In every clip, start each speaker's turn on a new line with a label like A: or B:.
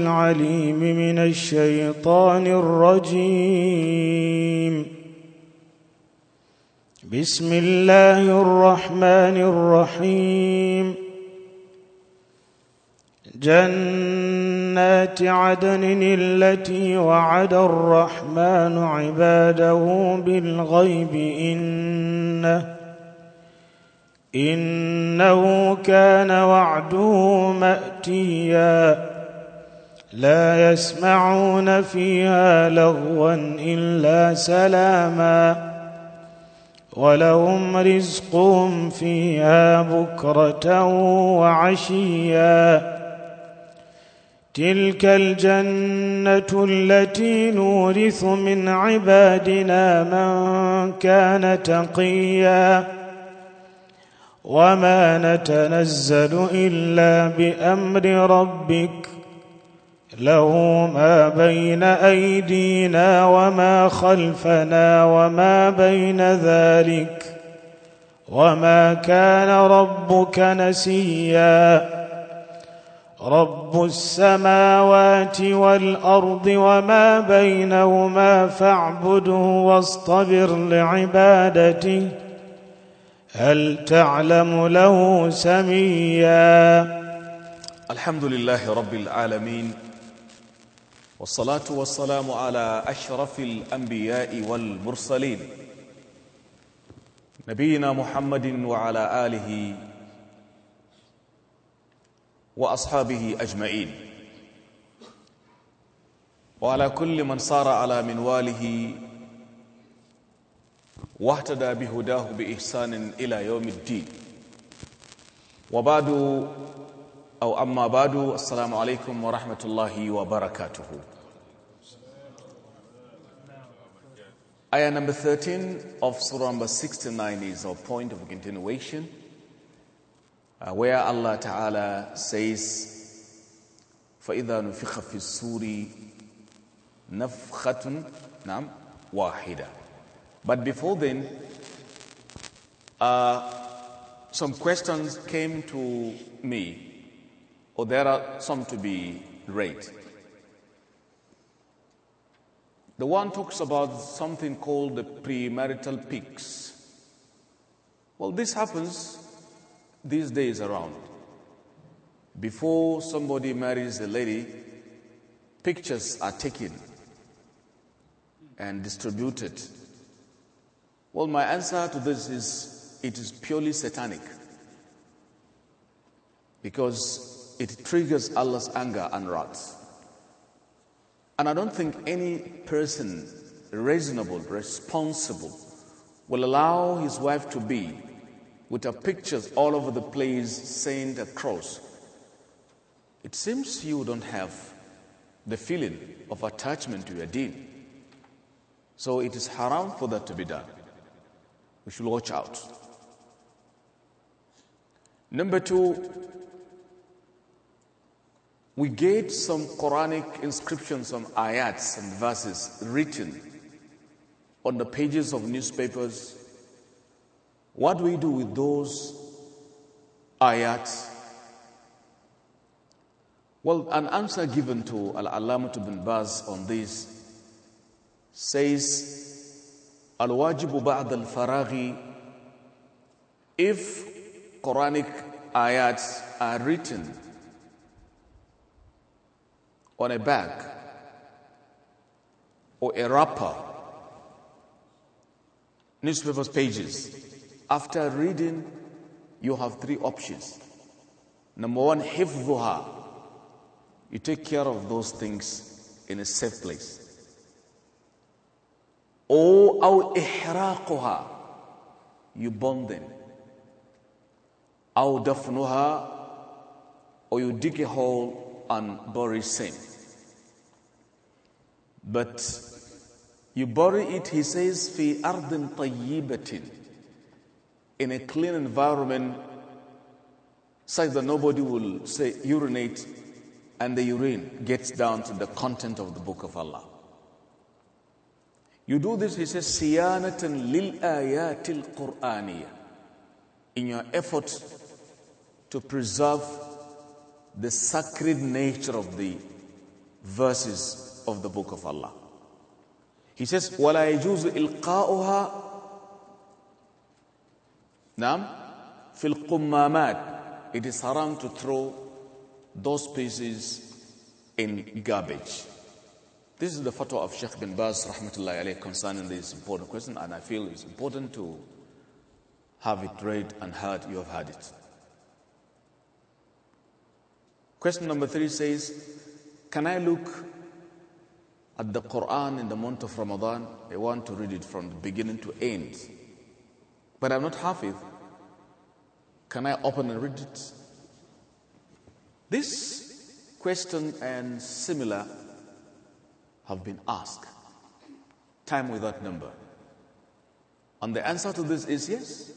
A: العليم من الشيطان الرجيم بسم الله الرحمن الرحيم جنات عدن التي وعد الرحمن عباده بالغيب إنه إنه كان وعده مأتيا لا يسمعون فيها لغوا الا سلاما ولهم رزقهم فيها بكره وعشيا تلك الجنه التي نورث من عبادنا من كان تقيا وما نتنزل الا بامر ربك له ما بين أيدينا وما خلفنا وما بين ذلك وما كان ربك نسيا رب السماوات والأرض وما بينهما فاعبده واصطبر لعبادته هل تعلم له سميا
B: الحمد لله رب العالمين والصلاة والسلام على أشرف الأنبياء والمرسلين نبينا محمد وعلى آله وأصحابه أجمعين وعلى كل من صار على منواله واهتدى بهداه بإحسان إلى يوم الدين وبعد أو Ayah number 13 of Surah number 69 is our point of continuation uh, where Allah Ta'ala says فَإِذَا نُفِخَ فِي السُّورِ نَفْخَةٌ نعم وَاحِدَةٌ But before then uh, some questions came to me or there are some to be read. The one talks about something called the premarital peaks. Well, this happens these days around. Before somebody marries a lady, pictures are taken and distributed. Well, my answer to this is it is purely satanic because it triggers Allah's anger and wrath. And I don't think any person reasonable, responsible, will allow his wife to be with her pictures all over the place saying the cross. It seems you don't have the feeling of attachment to your deen. So it is haram for that to be done. We should watch out. Number two, we get some Quranic inscriptions, some ayats and verses written on the pages of newspapers. What do we do with those ayats? Well, an answer given to Al Alamat ibn Baz on this says, Al Wajibu Ba'd al Faraghi, if Quranic ayats are written, on a bag or a wrapper, newspaper's pages. After reading, you have three options. Number one, hifdhuha. You take care of those things in a safe place. Or أو you burn them Or dafnuha, or you dig a hole and bury same but you bury it, he says, fi ardin tayyibatin, in a clean environment, such that nobody will say urinate, and the urine gets down to the content of the Book of Allah. You do this, he says, siyanatan lil ayatil in your effort to preserve the sacred nature of the verses of the book of Allah. He says, وَلَا يَجُوزُ إِلْقَاؤُهَا نعم في القمامات It is haram to throw those pieces in garbage. This is the fatwa of Sheikh bin Baz rahmatullahi alayh concerning this important question and I feel it's important to have it read and heard. You have heard it. Question number three says, can I look at the Quran in the month of Ramadan, I want to read it from the beginning to end. But I'm not Hafiz. Can I open and read it? This question and similar have been asked time without number. And the answer to this is yes.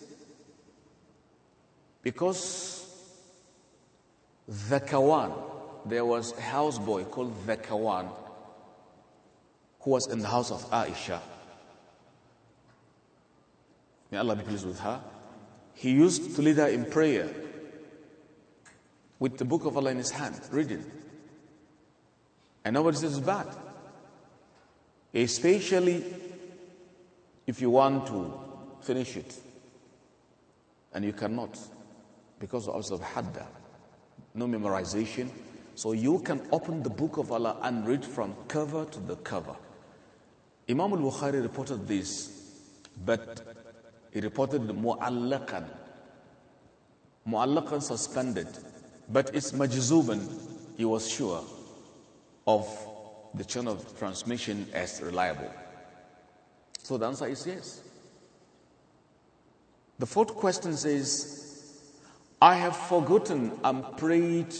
B: Because the Kawan, there was a houseboy called the Kawan who was in the house of Aisha. May Allah be pleased with her. He used to lead her in prayer with the book of Allah in his hand, reading. And nobody says it's bad. Especially if you want to finish it. And you cannot because also of hadda, no memorization. So you can open the book of Allah and read from cover to the cover. Imam al-Bukhari reported this, but he reported mu'allaqan. Mu'allaqan suspended, but it's majzuban. He was sure of the chain of transmission as reliable. So the answer is yes. The fourth question says, I have forgotten and prayed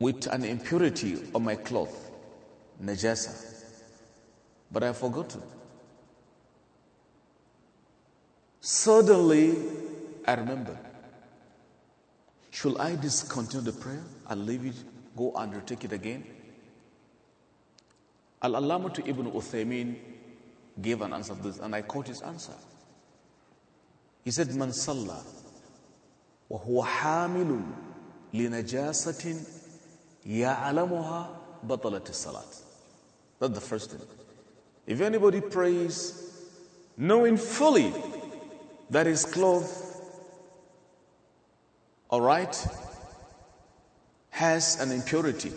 B: with an impurity on my cloth najasa. But I forgot to. Suddenly, I remember. Should I discontinue the prayer? I'll leave it, go undertake it again? Al Allama to Ibn Uthaymeen gave an answer to this, and I quote his answer. He said, Man salla wa huwa hamilun li najasatin ya'alamuha batalat salat. Not the first thing. If anybody prays knowing fully that his cloth, all right, has an impurity,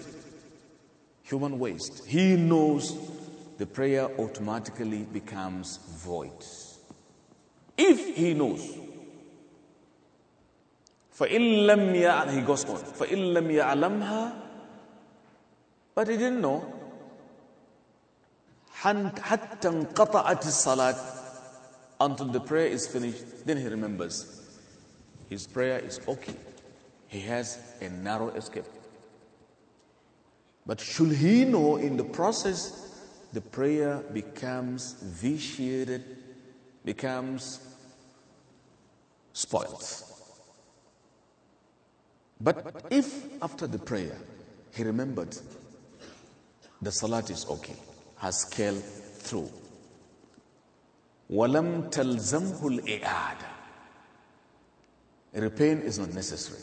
B: human waste, he knows the prayer automatically becomes void. If he knows, for لم and he goes on, for لم يعلمها, but he didn't know, حتى انقطعت الصلاة until the prayer is finished then he remembers his prayer is okay he has a narrow escape but should he know in the process the prayer becomes vitiated becomes spoiled but if after the prayer he remembered the salat is okay has scaled through. Walam تَلْزَمْهُ الْإِعَادَةِ Repaying is not necessary.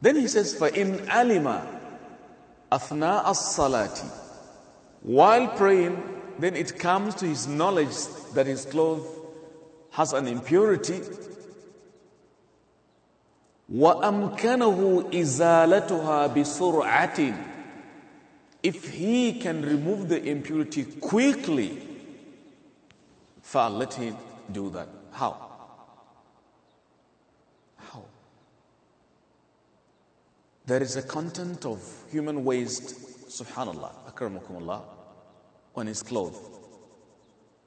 B: Then he says, فَإِنْ afna أَثْنَاءَ الصَّلَاةِ While praying, then it comes to his knowledge that his clothes has an impurity. وَأَمْكَنَهُ إِزَالَتُهَا بِسُرْعَةٍ if he can remove the impurity quickly, far let him do that. How? How? There is a content of human waste, subhanallah, akramakumullah, on his clothes.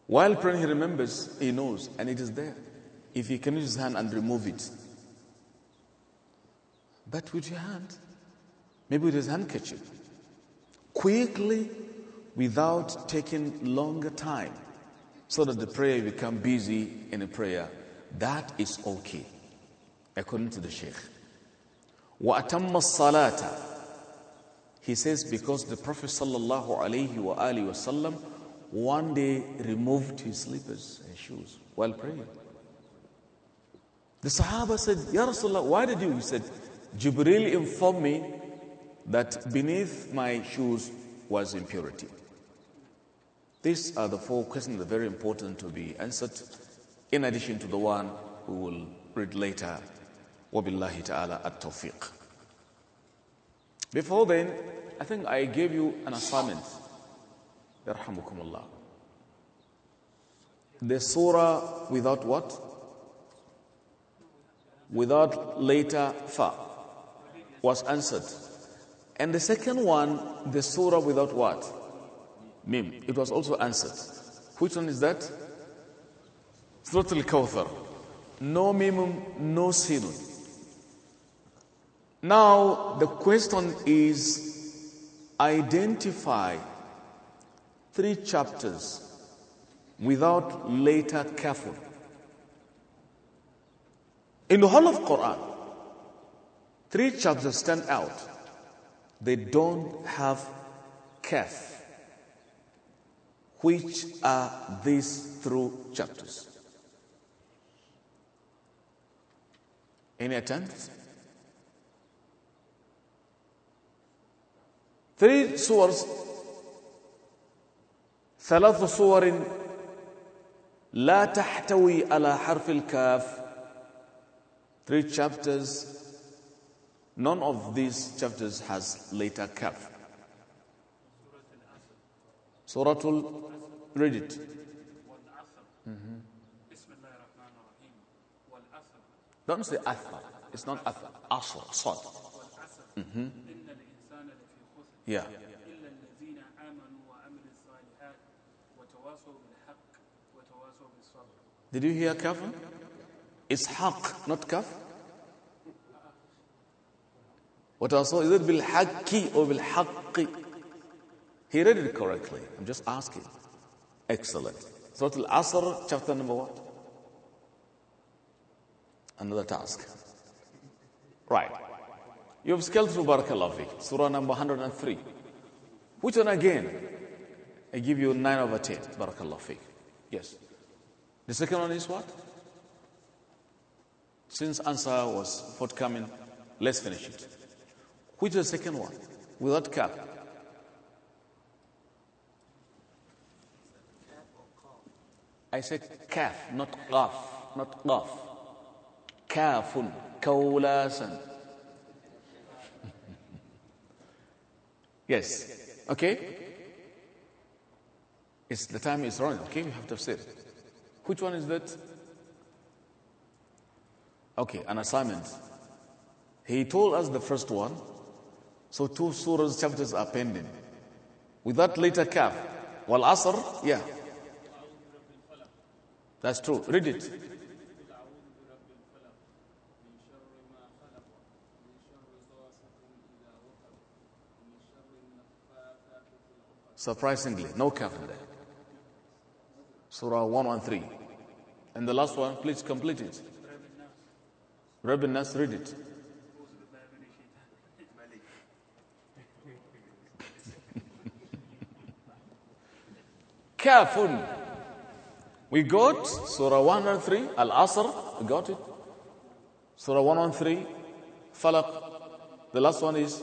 B: While praying, he remembers, he knows, and it is there. If he can use his hand and remove it. But with your hand, maybe with his handkerchief, quickly without taking longer time so that the prayer become busy in a prayer. That is okay, according to the Sheikh. وَأَتَمَّ salata He says because the Prophet sallallahu alaihi wasallam one day removed his slippers and shoes while praying. The Sahaba said, Ya Rasulullah, why did you? He said, Jibril informed me that beneath my shoes was impurity. These are the four questions that are very important to be answered, in addition to the one we will read later. Wabillahi ta'ala at tawfiq. Before then, I think I gave you an assignment. The surah without what? Without later fa was answered. And the second one, the surah without what? Mim. It was also answered. Which one is that? Surah Al-Kawthar. No mim, no sin. Now, the question is identify three chapters without later careful. In the whole of Quran, three chapters stand out they don't have kaf, which are these three chapters. Any attempts? Three surahs, ثلاث صور لا تحتوي على حرف الكاف three chapters None of these chapters has later kaf. Suratul, read it.
C: Mm-hmm. Don't say athar. It's not athar. Asr, sad.
B: Mm-hmm. Yeah. Did you hear kaf? It's haq, not kaf. What I saw, is it bilhaki or bilhaki? He read it correctly. I'm just asking. Excellent. Surah Al Asr, chapter number what? Another task. Right. You have scaled through Barakallah Surah number 103. Which one again? I give you 9 over 10. Barakallah fiqh. Yes. The second one is what? Since answer was forthcoming, let's finish it. Which is the second one? Without calf. I said calf, not calf, not calf. Kafun, kawlasan. yes. Okay? It's, the time is running. Okay, we have to say. it. Which one is that? Okay, an assignment. He told us the first one. So two surahs, chapters are pending. With that later calf, Wal Asr, yeah. That's true. Read it. Surprisingly, no calf in there. Surah 113. And the last one, please complete it. Rabbi Nas, read it. Careful. We got Surah 103, Al-Asr, we got it. Surah 113, Falaq. The last one is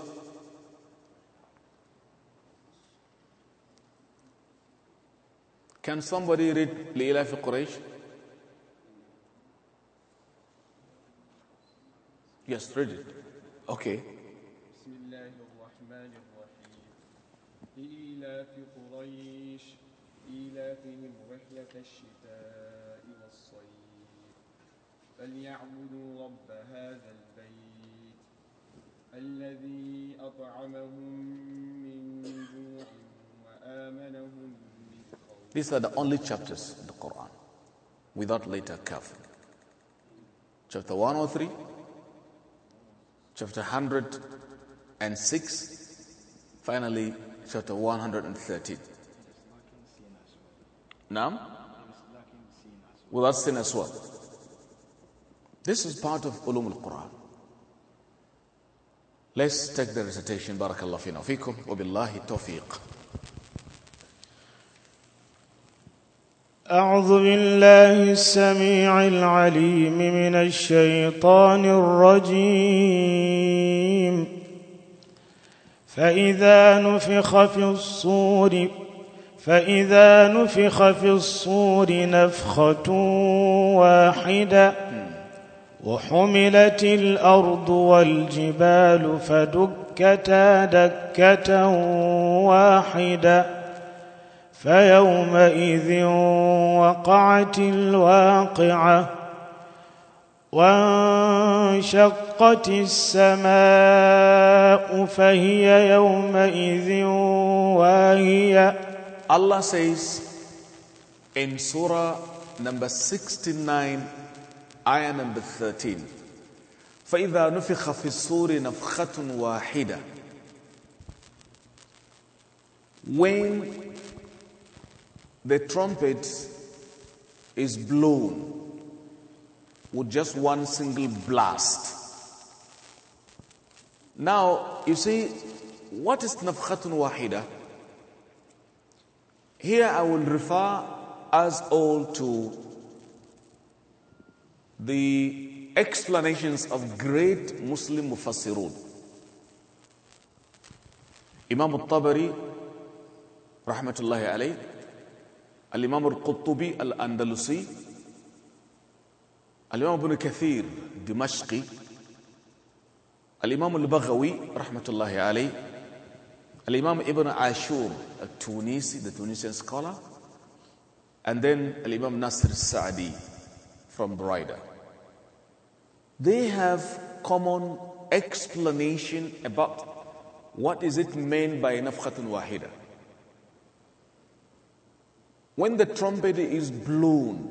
B: Can somebody read Leila fi Quraysh? Yes, read it. Okay. رحلة الشتاء والصيف فليعبدوا رب هذا البيت الذي أطعمهم من جوع وآمنهم من خوف These are the only chapters in the Quran without later kafir. Chapter 103, chapter 106, finally chapter 113. نعم with us in as well. This is part of علوم القرآن. Let's take the recitation. بارك الله فينا وفيكم وبالله التوفيق.
A: أعوذ بالله السميع العليم من الشيطان الرجيم فإذا نفخ في الصور فإذا نفخ في الصور نفخة واحدة وحملت الأرض والجبال فدكتا دكة واحدة فيومئذ وقعت الواقعة وانشقت السماء فهي يومئذ واهيه
B: Allah says in Surah number 69, ayah number 13, فإذا نفخ في الصور نفخة واحدة When the trumpet is blown with just one single blast. Now, you see, what is nafkhatun واحدة? Here I will refer us all to the explanations of great Muslim Mufassirun. Imam al-Tabari, rahmatullahi alayh, الإمام al الأندلسي الإمام ابن كثير دمشقي الإمام البغوي رحمة الله عليه Al-Imam Ibn Ashur, a the Tunisian scholar, and then Al-Imam Nasir Sa'di from Brida. They have common explanation about what is it meant by nafkhatun wahida. When the trumpet is blown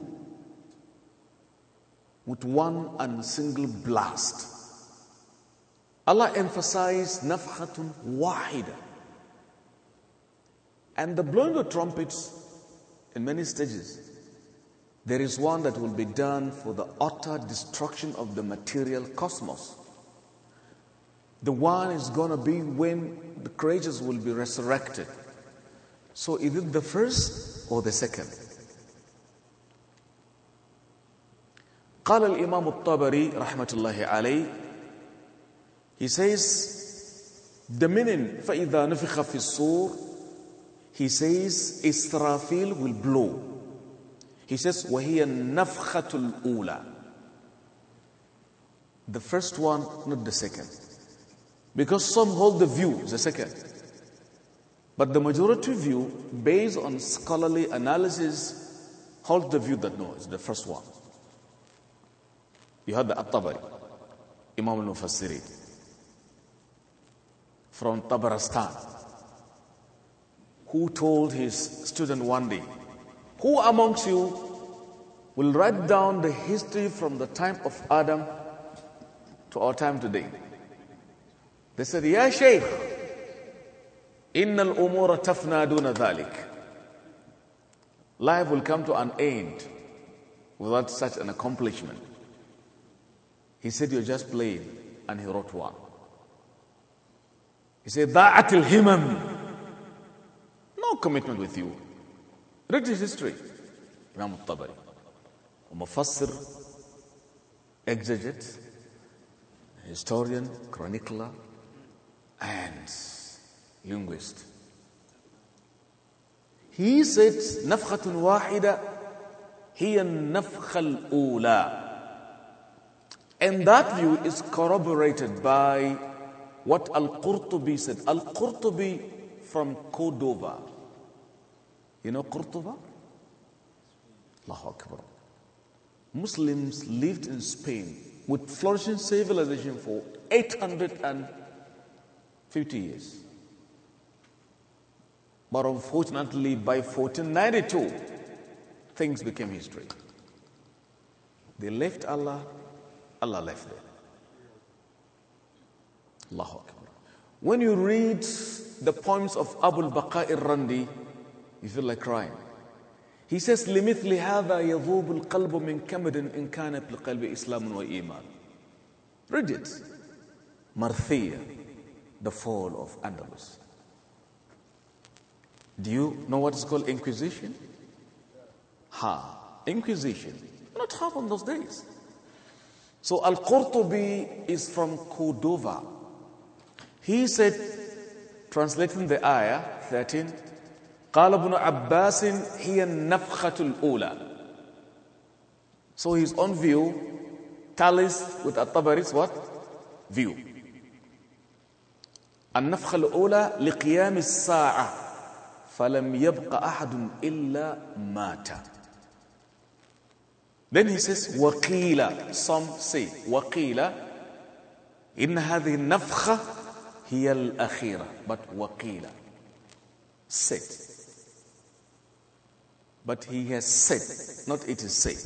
B: with one and single blast, Allah emphasized nafkhatun wahida. And the blowing of trumpets in many stages, there is one that will be done for the utter destruction of the material cosmos. The one is going to be when the creatures will be resurrected. So, is it the first or the second? قال الإمام الطبري رحمة الله عليه He says the meaning فإذا نفخ في الصور he says, Israfil will blow. He says, وَهِيَ النَّفْخَةُ الْأُولَى The first one, not the second. Because some hold the view, the second. But the majority view, based on scholarly analysis, hold the view that no, it's the first one. You had the At-Tabari, Imam al-Mufassirin, from Tabaristan who told his student one day, Who amongst you will write down the history from the time of Adam to our time today? They said, Ya Shaykh, Inna al-umura tafna duna dhalik. Life will come to an end without such an accomplishment. He said, You're just playing. And he wrote one. He said, Da'at al-himam. No commitment with you. Read his history. Imam al-Tabari. Mufassir, exegete, historian, chronicler, and linguist. He said, نفخة واحدة هي النفخة الأولى. And that view is corroborated by what Al-Qurtubi said. Al-Qurtubi from Cordova. You know Cordoba? Allahu Akbar. Muslims lived in Spain with flourishing civilization for 850 years. But unfortunately, by 1492, things became history. They left Allah, Allah left them. Allahu Akbar. When you read the poems of Abu al-Baqa al-Randi, you feel like crying. He says, لمثل هذا يذوب القلب من كمد إن كان في إسلام وإيمان. Read it. Marthia, the fall of Andalus. Do you know what is called Inquisition? Ha, Inquisition. Not half on those days. So Al Qurtubi is from Cordova. He said, translating the ayah 13, قال ابن عباس هي النفخة الأولى So his own view tallies with At-Tabari's what? View. النفخة الأولى لقيام الساعة فلم يبقى أحد إلا مات. Then he says وقيل some say وقيل إن هذه النفخة هي الأخيرة but وقيل said But he has said, not it is said.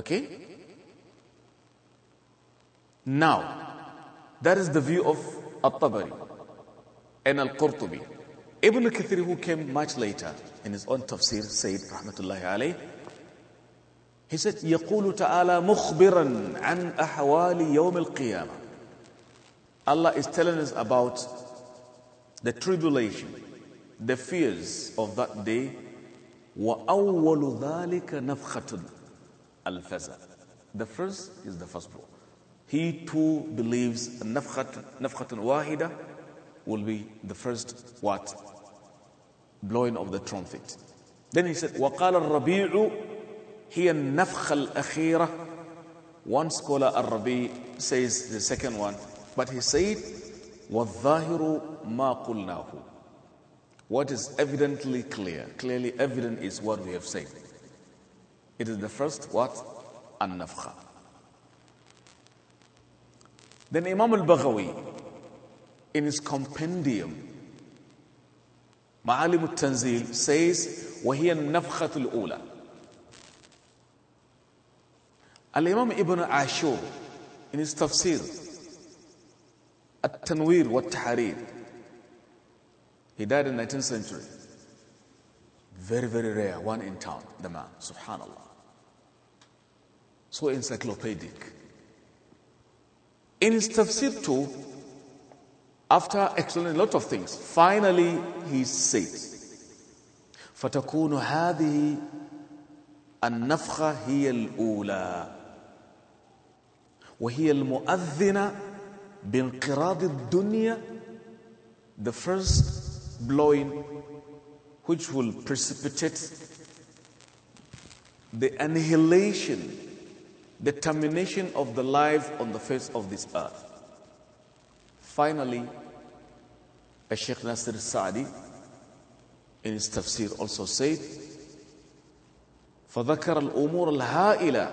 B: Okay? Now, that is the view of Al tabari and Al-Qurtubi. Ibn Kathir, who came much later in his own tafsir, said, Rahmatullahi alayh, he said, يقول تعالى مخبرا عن أحوال يوم القيامة. Allah is telling us about the tribulation, the fears of that day وَأَوَّلُ ذَلِكَ نَفْخَةٌ الْفَزَى The first is the first blow. He too believes nafkhatun wahida will be the first what? Blowing of the trumpet. Then he said, وَقَالَ الرَّبِيعُ هِيَ النَّفْخَ الْأَخِيرَةِ One scholar, Rabi, says the second one. But he said, وَالظَّاهِرُ مَا قُلْنَاهُ what is evidently clear, clearly evident is what we have said. It is the first what? An-nafkha. Then Imam al-Baghawi, in his compendium, Ma'alim al-Tanzil, says, وَهِيَ النَّفْخَةُ الْأُولَى Al-Imam Ibn Ashur, in his tafsir, التنوير والتحرير he died in 19th century. Very, very rare, one in town, the man, subhanAllah. So encyclopedic. In his tafsir too, after explaining a lot of things, finally he said, فتكون هذه النفخة هي الأولى وهي المؤذنة بانقراض الدنيا the first blowing which will precipitate the annihilation, the termination of the life on the face of this earth. Finally, Sheikh Nasir Sa'di in his tafsir also said, فذكر الأمور الهائلة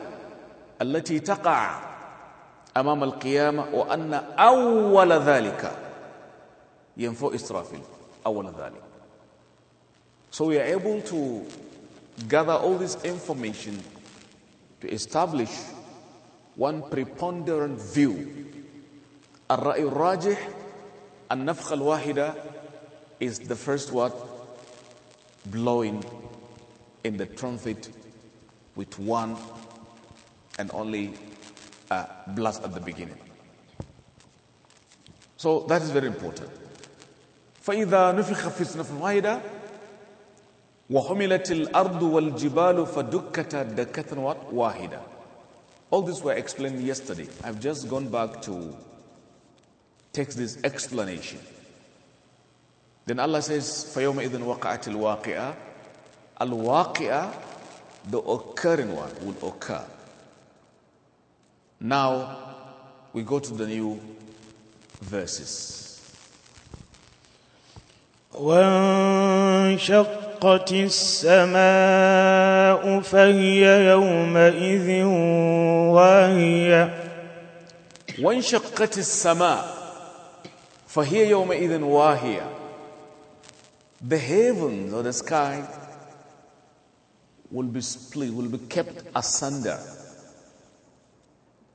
B: التي تقع أمام القيامة وأن أول ذلك ينفو إسرافيل أول ذلك. So we are able to gather all this information to establish one preponderant view. الرأي الراجح النفخة الواحدة is the first word blowing in the trumpet with one and only uh, blast at the beginning. So that is very important. فإذا نفخ في الصنف واحدة وحملت الأرض والجبال فدكتا دكة واحدة All this were explained yesterday. I've just gone back to take this explanation. Then Allah says, فَيَوْمَئِذٍ وَقَعَتِ الْوَاقِعَةِ Al-waqi'ah, the occurring one, will occur. Now, we go to the new verses.
A: وانشقت السماء فهي يومئذ واهية وانشقت
B: السماء فهي يومئذ واهية The heavens or the sky will be split, will be kept asunder.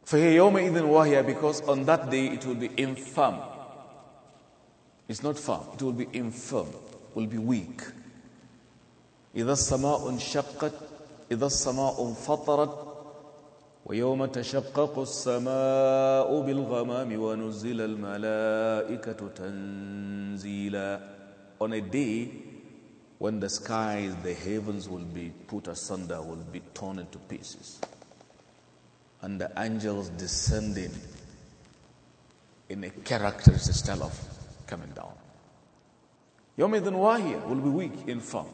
B: فهي يومئذ واهية because on that day it will be infirm. It's not firm. It will be infirm, will be weak. إذا السماء انشقت إذا السماء انفطرت ويوم تشقق السماء بالغمام ونزل الملائكة تنزيلا On a day when the skies, the heavens will be put asunder, will be torn into pieces. And the angels descending in a characteristic style of coming down. يومئذ واهية will be weak, infirm.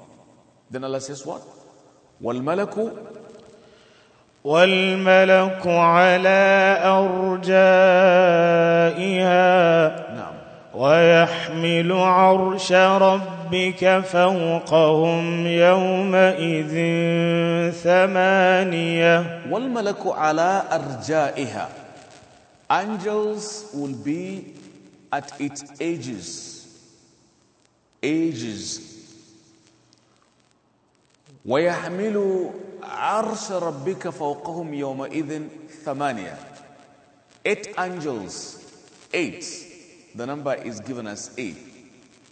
B: Then Allah says what? وَالْمَلَكُ
A: والملك على أرجائها نعم. ويحمل عرش ربك فوقهم يومئذ ثمانية والملك على أرجائها Angels
B: will be at its ages, ages. ويحمل عرش ربك فوقهم يومئذ ثمانية. Eight angels, eight. The number is given as eight.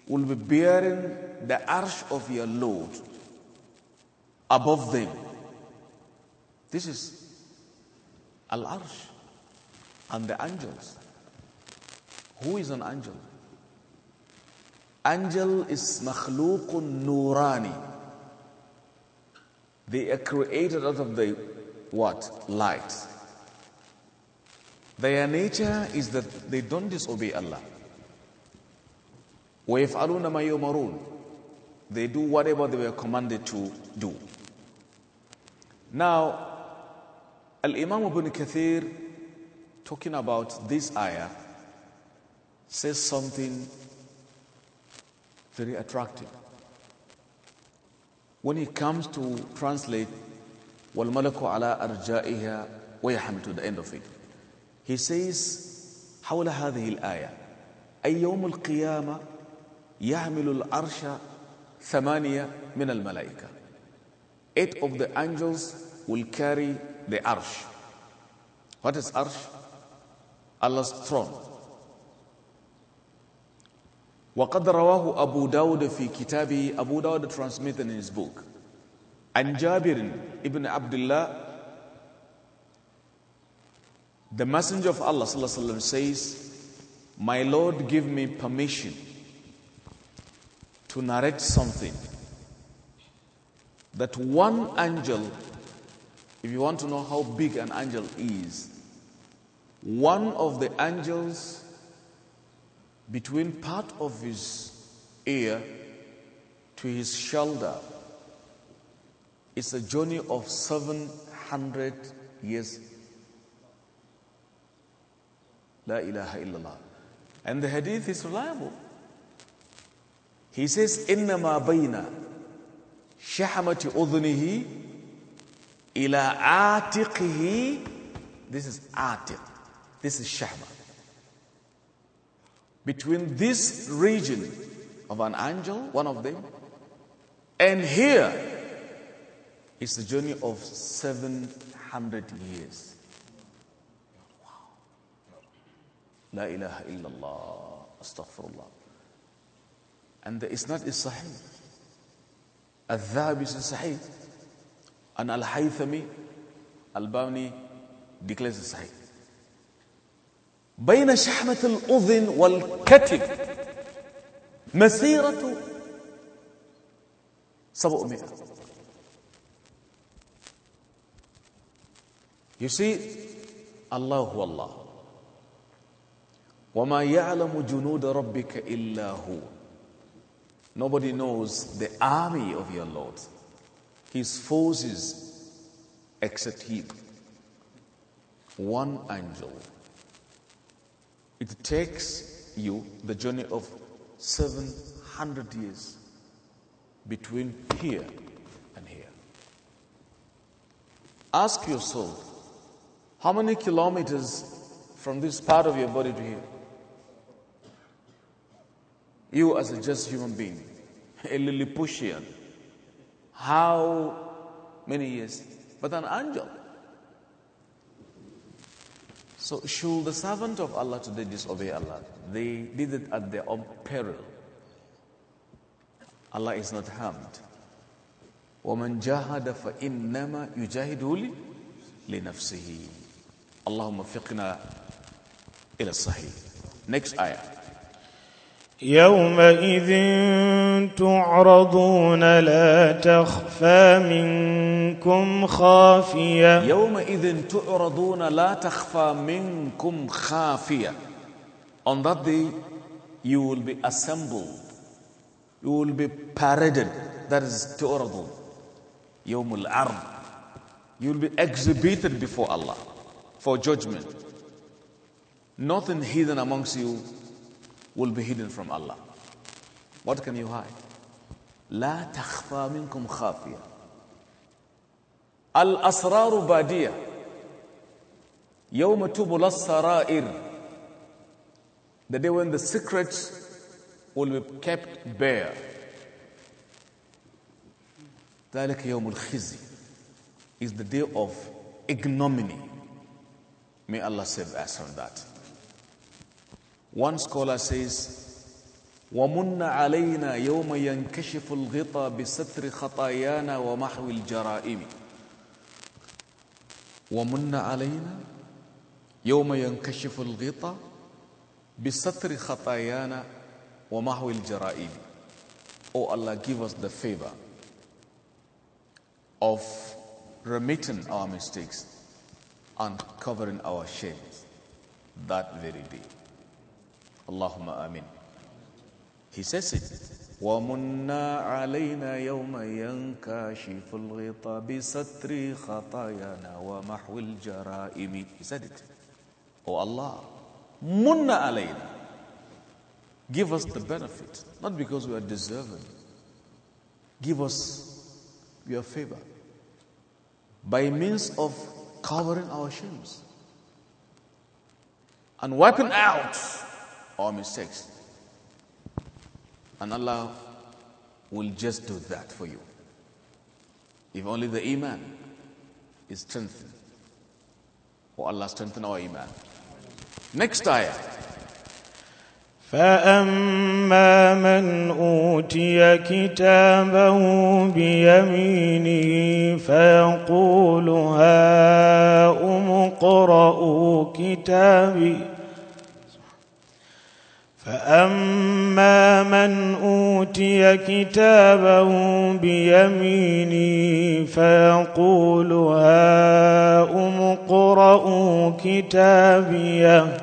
B: Will be bearing the arch of your Lord above them. This is Al Arsh and the angels. Who is an angel? Angel is makhluqun nurani. They are created out of the what? Light. Their nature is that they don't disobey Allah. وَيَفْعَلُونَ مَا يُؤْمَرُونَ They do whatever they were commanded to do. Now, Al-Imam ibn Kathir talking about this ayah says something very attractive. When he comes to translate وَالْمَلَكُ عَلَىٰ أَرْجَائِهَا وَيَحَمْلُ to the end of it. He says حول هذه الآية أي يوم القيامة يحمل العرش ثمانية من الملائكة. Eight of the angels will carry the arsh. What is arsh? Allah's throne. وقد رواه أبو داود في كتابه أبو داود transmitted in his book عن جابر ابن عبد الله The Messenger of Allah وسلم, says, My Lord, give me permission to narrate something that one angel, if you want to know how big an angel is, one of the angels between part of his ear to his shoulder. It's a journey of 700 years. La ilaha illallah. And the hadith is reliable. He says, إِنَّمَا بَيْنَا شَحَمَةِ أُذْنِهِ إِلَىٰ عَاتِقِهِ This is atiq. This is shahma between this region of an angel, one of them, and here is the journey of 700 years. Wow. La ilaha illallah, astaghfirullah. And the isnad is sahih. Al-Dhahabi is sahih. And Al-Haythami, Al-Bawni declares sahih. بين شحمة الأذن والكتف مسيرة سبعمائة يسير الله هو الله وما يعلم جنود ربك إلا هو Nobody knows the army of your Lord, his forces except him. One angel. It takes you the journey of 700 years between here and here. Ask yourself, how many kilometers from this part of your body to here? You, as a just human being, a Lilliputian, how many years? But an angel, so should the servant of Allah today disobey Allah? They did it at their own peril. Allah is not harmed. وَمَنْ جَاهَدَ فَإِنَّمَا يُجَاهِدُ لِنَفْسِهِ اللهم فقنا إلى الصحيح. Next ayah.
A: يومئذ تعرضون لا تخفى منكم خافية
B: يومئذ تعرضون لا تخفى منكم خافية On that day you will be assembled You will be paraded That is تعرضون يوم العرض You will be exhibited before Allah for judgment Nothing hidden amongst you will be hidden from Allah. What can you hide? لا تخفى منكم خافية. الأسرار بادية. يوم تبلى السرائر. The day when the secrets will be kept bare. ذلك يوم الخزي is the day of ignominy. May Allah save us from that. One scholar says, ومن علينا يوم ينكشف الغطى بستر خطايانا ومحو الجرائم ومن علينا يوم ينكشف الغطى بستر خطايانا ومحو الجرائم Oh Allah give us the favor of remitting our mistakes and covering our shames that very day. اللهم آمين He says it ومنا علينا يوم ينكشف الغطاء بستر خطايانا ومحو الجرائم He said it Oh Allah منا علينا Give us the benefit not because we are deserving Give us your favor by means of covering our shames and wiping out or mistakes. And Allah will just do that for you. If only the Iman is
A: strengthened. Oh Allah, strengthen our Iman.
B: Next ayah.
A: فأما من أوتي كتابه بيمينه فيقول هاؤم اقرءوا كتابي فأما من أوتي كتابه بيمينه فيقول هاؤم اقرءوا كتابيه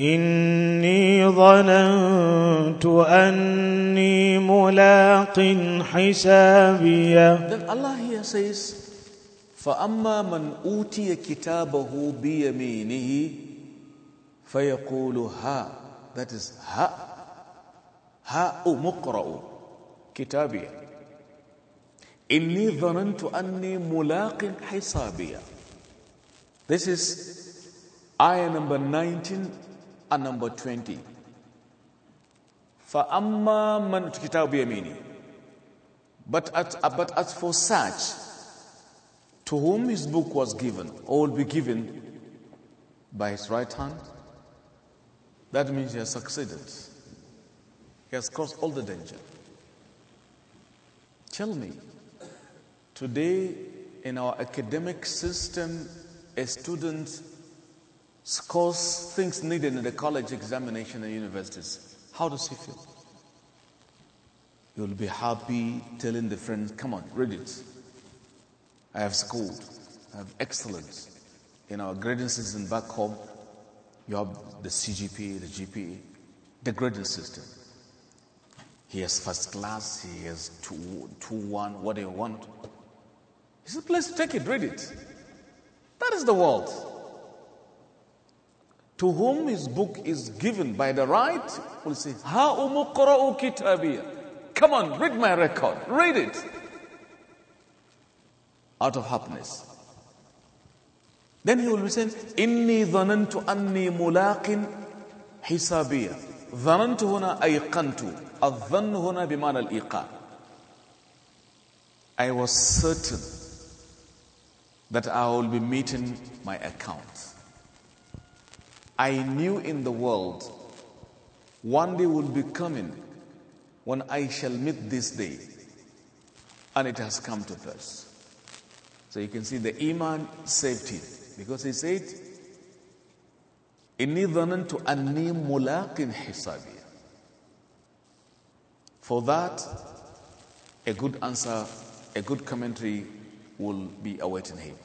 A: إني ظننت أني ملاق حسابيه
B: Then Allah here says فأما من أوتي كتابه بيمينه فيقول هاؤم that is ha ha'u muqra'u kitabiya inni dhanantu anni mulaqin hisabiya this is ayah number 19 and number 20 فأما من كتاب يميني but as, but as for such to whom his book was given or will be given by his right hand that means he has succeeded. He has crossed all the danger. Tell me, today in our academic system, a student scores things needed in the college examination and universities. How does he feel? You'll be happy telling the friends, come on, read it. I have scored. I have excellence. In our grading system back home, you have the CGP, the GP, the grading system. He has first class, he has two, two, one, what do you want? He said, "Please take it, read it. That is the world. To whom his book is given by the right, will say, Ha umuqra'u Come on, read my record, read it. Out of happiness. Then he will be saying, إني ظننت أني ملاق حسابية. ظننت huna أيقنت. الظن huna بمعنى الإيقان. I was certain that I will be meeting my account. I knew in the world one day will be coming when I shall meet this day. And it has come to pass. So you can see the Iman saved him. Because he said, "Inni ظَنَنْتُ anni مُلَاقٍ حِسَابِيَ For that, a good answer, a good commentary will be awaiting him.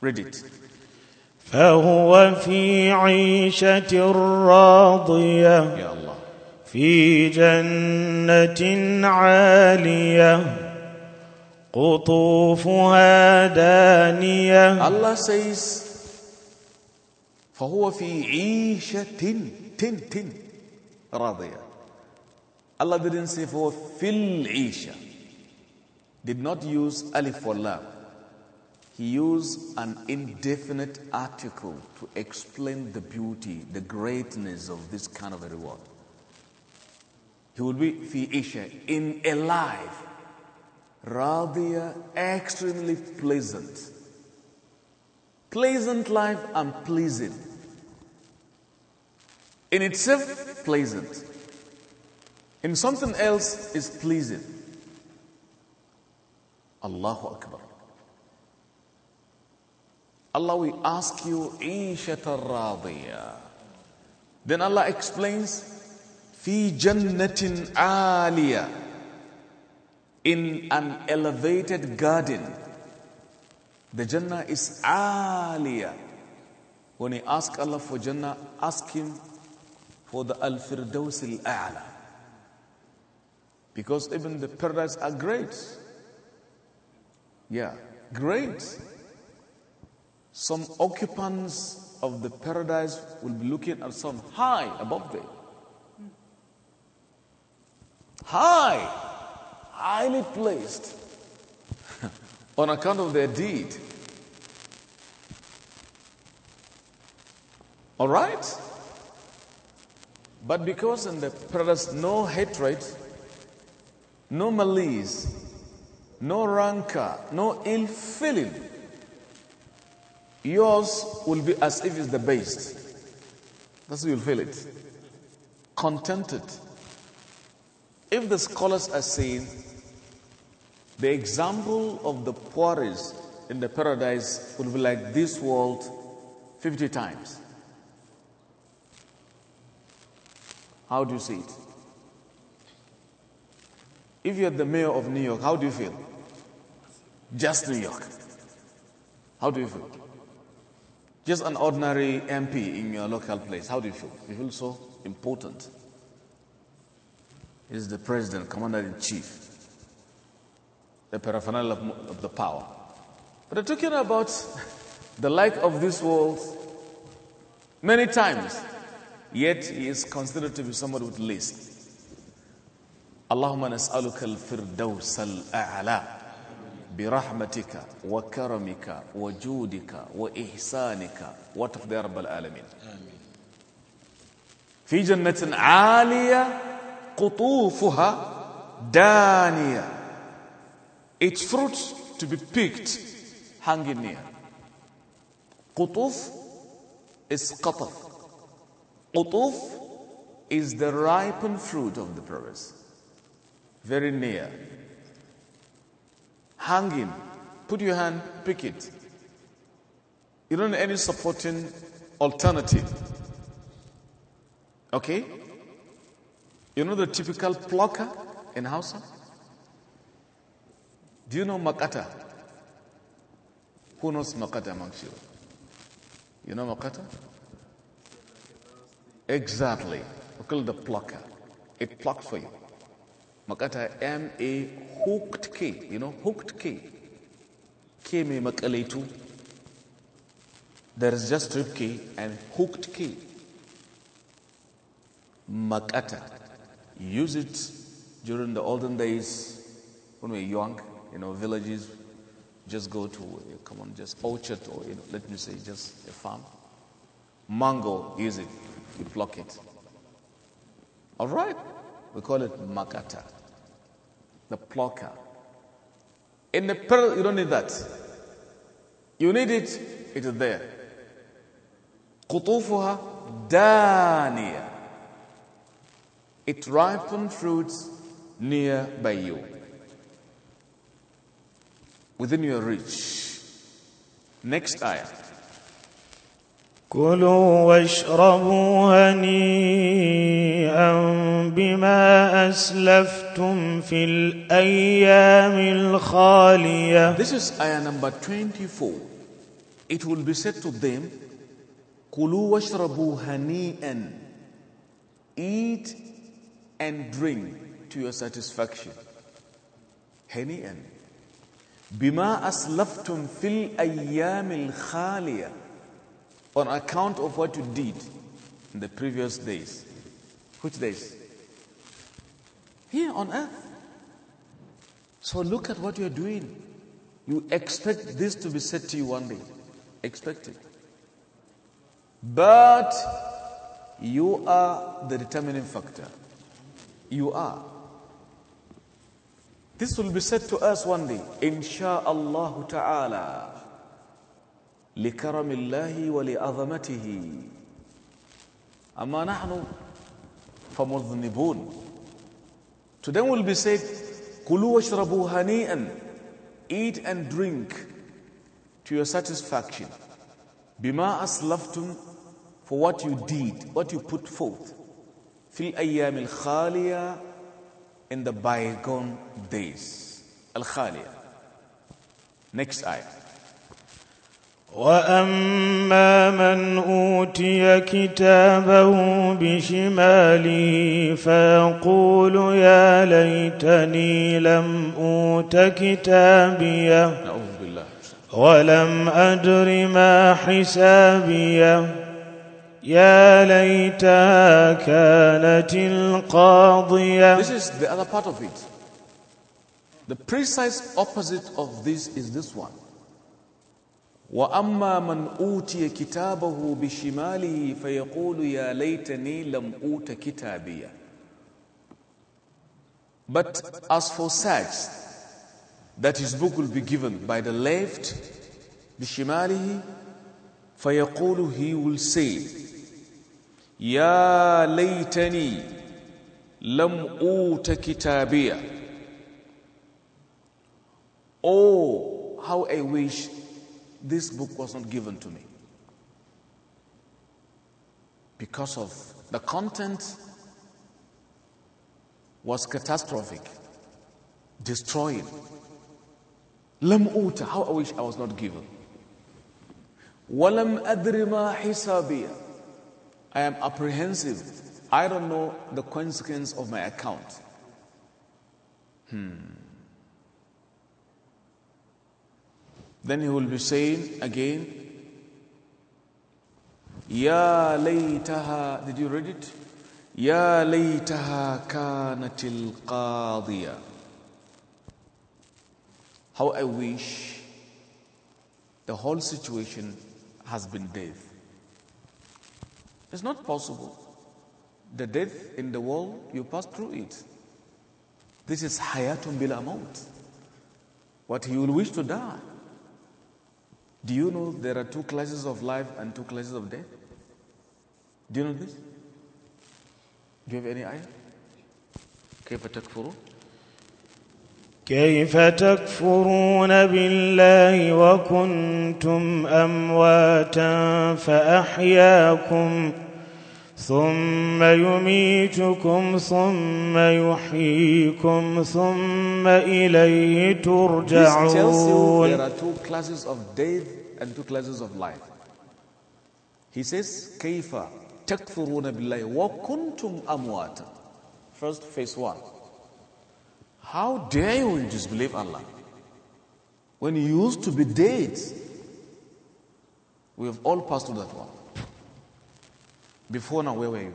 A: Read it. فهو في عيشة راضية يا الله في جنة عالية قطوفها دانية Allah says فهو في
B: عيشة تن تن تن راضية Allah didn't say فهو في العيشة did not use alif for lam he used an indefinite article to explain the beauty the greatness of this kind of a reward he would be fi isha in a life Radia, extremely pleasant. Pleasant life and pleasing. In itself, pleasant. In something else is pleasing. Allahu Akbar. Allah, we ask you, Ishata Radiya. Then Allah explains, Fi Jannatin Aliyah in an elevated garden. The Jannah is aliyah. When you ask Allah for Jannah, ask Him for the Al Firdaus Al A'la. Because even the paradise are great. Yeah, great. Some occupants of the paradise will be looking at some high above them. High highly placed on account of their deed. All right? But because in the palace no hatred, no malice, no rancor, no ill feeling, yours will be as if it's the best. That's how you'll feel it. Contented if the scholars are saying the example of the poorest in the paradise will be like this world 50 times. How do you see it? If you're the mayor of New York, how do you feel? Just New York. How do you feel? Just an ordinary MP in your local place, how do you feel? You feel so important. Is the president, commander in chief, the paraphernalia of, the power. But I'm talking about the like of this world many times, yet he is considered to be somebody with least. Allahumma nas'aluka al-firdaws al-a'la bi rahmatika wa karamika wa judika wa ihsanika wa tafdhi rabbil alamin. Amin. Fi jannatin 'aliyah Qutufuha daniya. its fruits to be picked hanging near Qutuf is قطف Qutuf is the ripened fruit of the promise very near hanging put your hand pick it you don't need any supporting alternative okay you know the typical plucker in Hausa? Do you know Makata? Who knows Makata amongst you? You know Makata? Exactly. We call the plucker. It plucked for you. Makata M A hooked K. You know, hooked K. K There is just strip K and hooked K. Makata use it during the olden days when we were young, you know, villages, just go to, come on, just orchard or, you know, let me say, just a farm. Mango, use it. You pluck it. All right? We call it makata, the plucker. In the pearl, you don't need that. You need it, it is there. قطوفها daniya. It ripened fruits near by you, within your reach. Next ayah.
A: كلوا واشربوا هنيئا بما أسلفتم في الأيام الخالية This is ayah number
B: 24. It will be said to them, كلوا واشربوا هنيئا Eat and drink to your satisfaction. aslaf بما أسلفتم ayam الأيام khaliya on account of what you did in the previous days. Which days? Here on earth. So look at what you are doing. You expect this to be said to you one day. Expect it. But you are the determining factor you are. This will be said to us one day, insha'Allah ta'ala, لكرم الله ولعظمته أما نحن فمذنبون To them will be said, كلوا واشربوا هنيئا Eat and drink to your satisfaction. Bima aslaftum for what you did, what you put forth. في الأيام الخالية in the bygone days الخالية next ayah
A: واما من اوتي كتابه بشماله فيقول يا ليتني لم اوت كتابيه ولم ادر ما حسابيه يا ليتها كانت القاضية This is the other part
B: of it. The precise opposite of this is this one. واما من اوتي كتابه بشماله فيقول يا ليتني لم اوت كتابيه but as for such that his book will be given by the left بشماله فيقول he will say يا ليتني لم أوت كتابية Oh, how I wish this book was not given to me. Because of the content was catastrophic, destroyed. Lam uta, how I wish I was not given. Walam أَدْرِ مَا حِسَابِيَ I am apprehensive. I don't know the consequence of my account. Hmm. Then he will be saying again, Ya laytaha, did you read it? Ya laytaha kanatil qadiya. How I wish the whole situation has been death. It's not possible. The death in the world, you pass through it. This is hayatun bil amount. What you will wish to die. Do you know there are two classes of life and two classes of death? Do
A: you know this? Do you have any idea? كيف تكفرون كيف تكفرون بالله وكنتم امواتا فاحياكم ثم يميتكم ثم يحييكم ثم اليه ترجعون This tells you there
B: are two classes of death and two classes of life. He says كيف تكفرون بالله وكنتم امواتا First phase one How dare you disbelieve Allah? When you used to be dead, we have all passed through that one. Before now, where were you?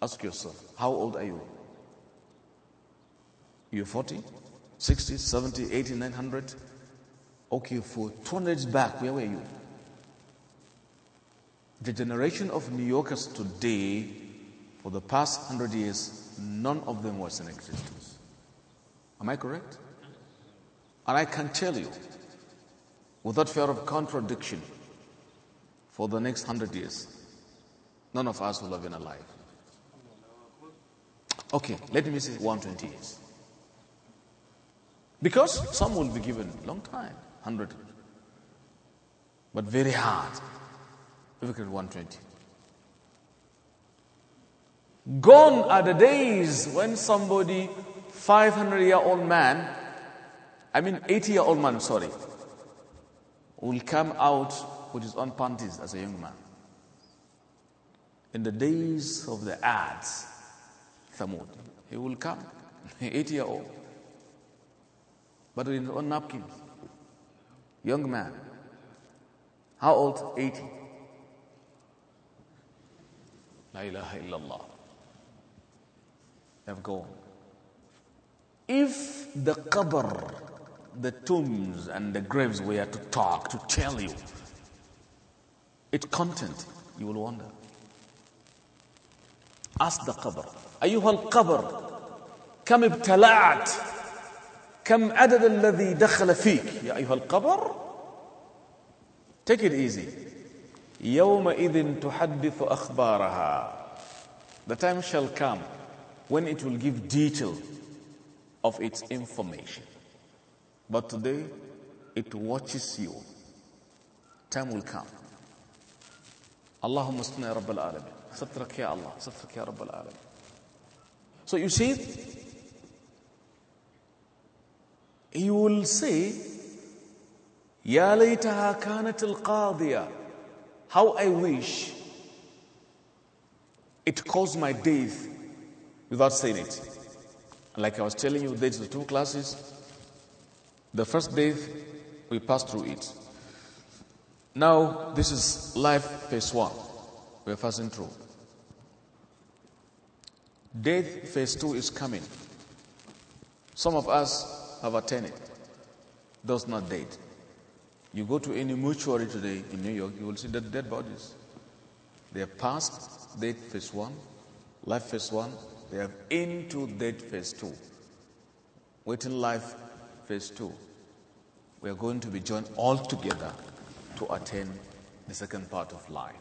B: Ask yourself, how old are you? You're 40, 60, 70, 80, 900? Okay, for 200 years back, where were you? The generation of New Yorkers today, for the past 100 years, none of them was in existence. Am I correct? And I can tell you, without fear of contradiction, for the next hundred years, none of us will have been alive. Okay, let me say 120 years. Because some will be given long time, 100. But very hard if we get 120. Gone are the days when somebody 500 year old man, I mean 80 year old man, sorry, will come out with his own panties as a young man. In the days of the ads, Thamud, he will come, 80 year old, but with his own napkins. Young man. How old? 80. La ilaha illallah. They have gone. If the qabr, the tombs and the graves were to talk, to tell you its content, you will wonder. Ask the qabr. أيها القبر كم ابتلعت كم عدد الذي دخل فيك يا أيها القبر Take it easy. يومئذ تحدث أخبارها The time shall come when it will give detail of its information. But today, it watches you. Time will come. Allahumma sunna ya Rabbil Alamin. Satrak ya Allah. Satrak ya Rabbil Alamin. So you see, he will say, Ya laytaha kanat al How I wish it caused my death without saying it. Like I was telling you, there's the two classes. The first day, we pass through it. Now, this is life phase one. We're passing through. Death phase two is coming. Some of us have attained it. Those not dead. You go to any mortuary today in New York, you will see the dead bodies. They are past death phase one, life phase one, they have into that phase two. Waiting life phase two. We are going to be joined all together to attain the second part of life.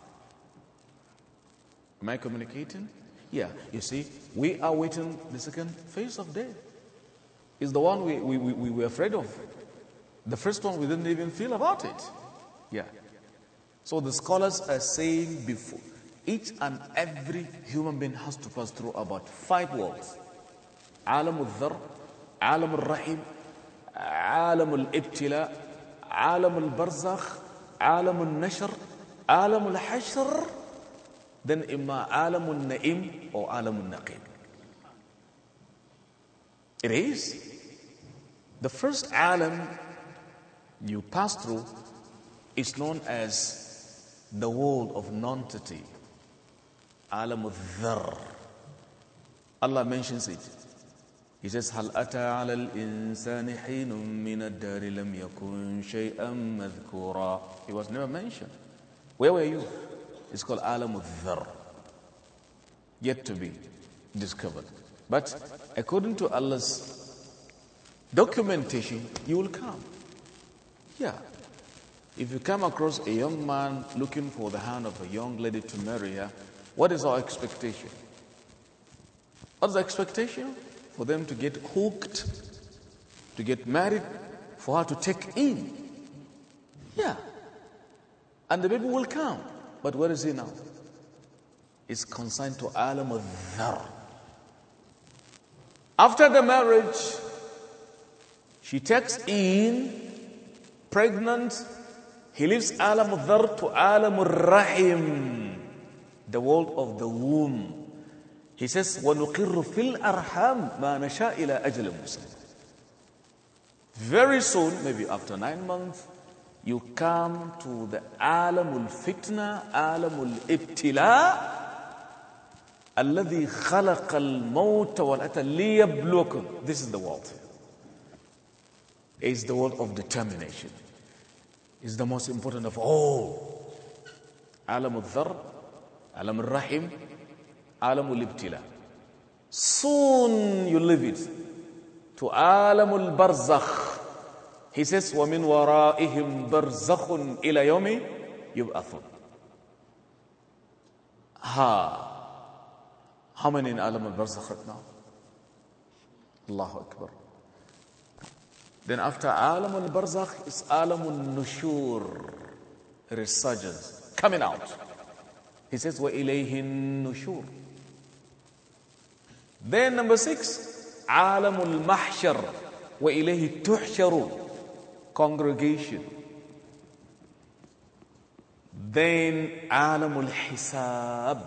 B: Am I communicating? Yeah, you see, we are waiting the second phase of death. It's the one we, we, we, were afraid of. The first one, we didn't even feel about it. Yeah. So the scholars are saying before, each and every human being has to pass through about five worlds. Alam al-Dhar, Alam al-Rahim, Alam al-Ibtila, Alam al-Barzakh, Alam al-Nashr, Alam al-Hashr, then i am Alam al-Na'im or Alam al-Naqim. It is. The first Alam you pass through is known as the world of non-tity. Alamudhar. Allah mentions it. He says, هل أتى على الإنسان حين من الدار لم يكن شيئا مذكورا. He was never mentioned. Where were you? It's called Alamudhar. Yet to be discovered. But according to Allah's documentation, you will come. Yeah. If you come across a young man looking for the hand of a young lady to marry her, what is our expectation? What is the expectation? For them to get hooked, to get married, for her to take in. Yeah. And the baby will come. But where is he now? He's consigned to Alam al After the marriage, she takes in, pregnant, he leaves Alam al to Alam al Rahim the world of the womb. He says, وَنُقِرُّ فِي الْأَرْحَامِ مَا نَشَاءَ إِلَىٰ أَجَلٍ Very soon, maybe after nine months, you come to the alamul fitna, alamul ibtila, الذي خلق الموت والأتى ليبلوكم. This is the world. It's the world of determination. It's the most important of all. Alamul dharb, عالم الرحم عالم الابتلاء soon you leave it to عالم البرزخ he says ومن ورائهم برزخ إلى يوم يبعثون ها how many in عالم البرزخ right now الله أكبر then after عالم البرزخ is عالم النشور resurgence coming out He says, وَإِلَيْهِ النُّشُورِ Then number six, عَالَمُ الْمَحْشَرِ وَإِلَيْهِ تُحْشَرُ Congregation. Then عَالَمُ الْحِسَابِ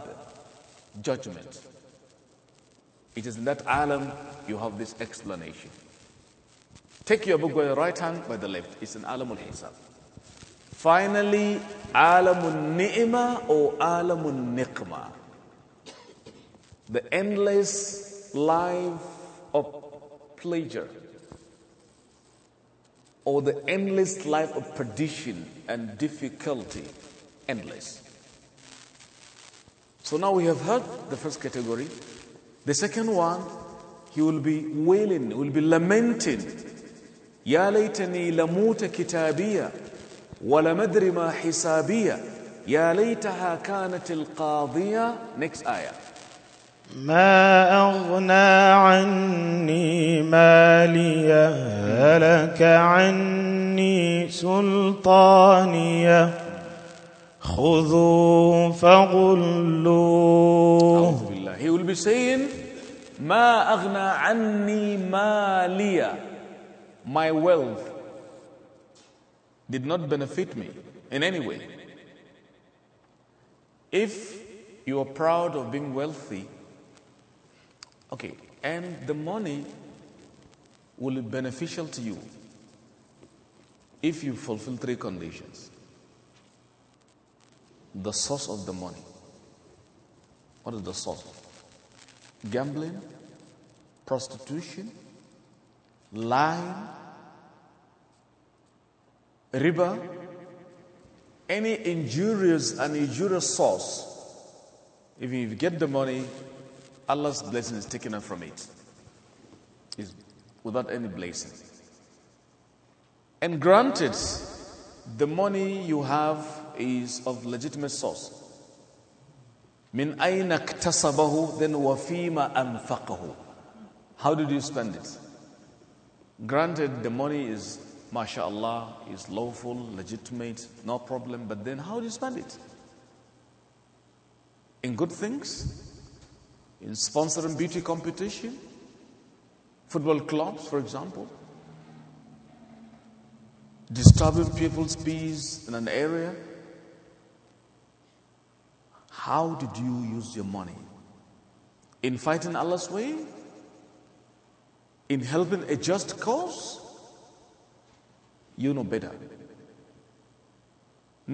B: Judgment. It is in that alam you have this explanation. Take your book by the right hand, by the left. It's an alamul hisab. Finally, alamun ni'ma or alamun nikma, The endless life of pleasure or the endless life of perdition and difficulty. Endless. So now we have heard the first category. The second one, he will be wailing, will be lamenting. Ya laytani lamuta kitabiya. ولا مدري ما حسابية يا ليتها كانت القاضية next آية
A: ما أغنى عني مالية هلك عني سلطانية خذوا فغلوه أعوذ بالله هي will ما أغنى عني
B: مالية my wealth did not benefit me in any way. If you are proud of being wealthy, okay, and the money will be beneficial to you if you fulfill three conditions. The source of the money. What is the source? Gambling, prostitution, lying, riba, any injurious and injurious source, even if you get the money, Allah's blessing is taken out from it. It's without any blessing. And granted, the money you have is of legitimate source. Min aina ktasabahu, then wafima anfaqahu. How did you spend it? Granted, the money is mashallah, is lawful, legitimate, no problem. But then how do you spend it? In good things? In sponsoring beauty competition? Football clubs, for example? Disturbing people's peace in an area? How did you use your money? In fighting Allah's way? In helping a just cause? You know better.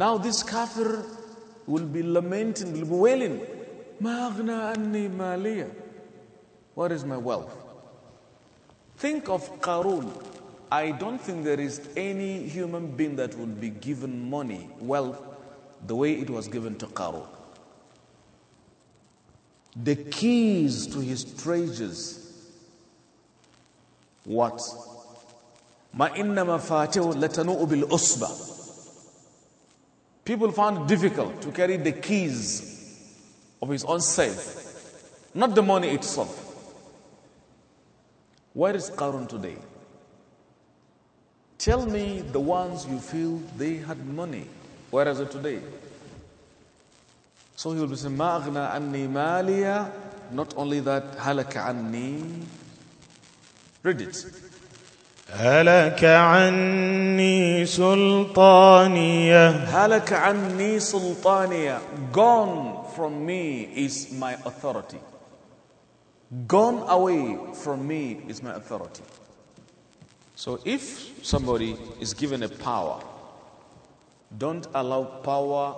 B: Now this kafir will be lamenting, will be wailing. "Magna anni maliya. What is my wealth? Think of Qarun. I don't think there is any human being that would be given money, wealth, the way it was given to Qarun. The keys to his treasures, what? Ma inna mafatihu latanu'u bil usba. People found it difficult to carry the keys of his own safe, not the money itself. Where is Qarun today? Tell me the ones you feel they had money. Where is it today? So he will be saying, Ma'agna anni maliya. Not only that, halaka anni. Read it.
A: هلك عني سلطانية
B: هلك عني سلطانية gone from me is my authority gone away from me is my authority so if somebody is given a power don't allow power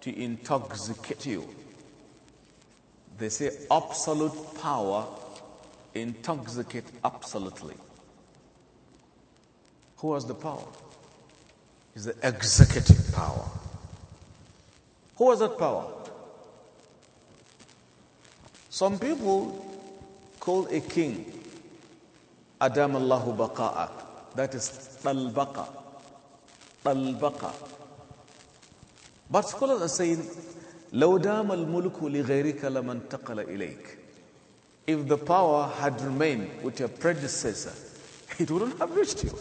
B: to intoxicate you they say absolute power intoxicate absolutely who has the power? It's the executive power. Who has that power? Some people call a king Adam Allahu Baqa'a. That is Talbaqa. Talbaqa. But scholars are saying, لو دام الملك لغيرك لما انتقل إليك. If the power had remained with your predecessor, it wouldn't have reached you.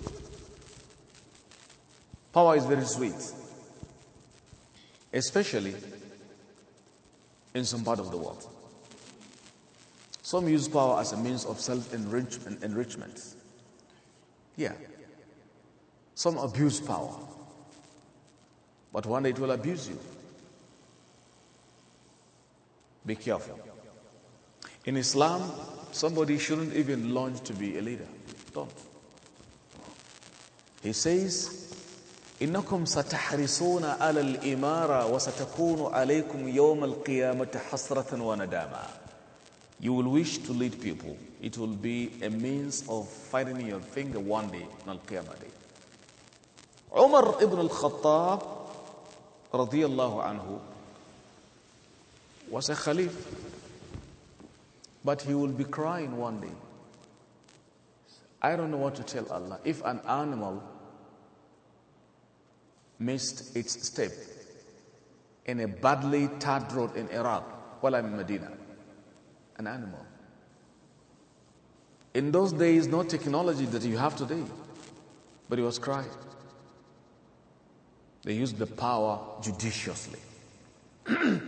B: Power is very sweet, especially in some part of the world. Some use power as a means of self enrichment. Yeah. Some abuse power. But one day it will abuse you. Be careful. In Islam, somebody shouldn't even launch to be a leader. Don't. He says, إنكم ستحرصون على الإمارة وستكون عليكم يوم القيامة حسرة ونداما You will wish to lead people. It will be a means of finding your finger one day on Al-Qiyamah day. Umar ibn al-Khattab رضي الله عنه was a caliph but he will be crying one day. I don't know what to tell Allah. If an animal missed its step in a badly tarred road in Iraq while I'm in Medina. An animal. In those days, no technology that you have today, but it was Christ. They used the power judiciously.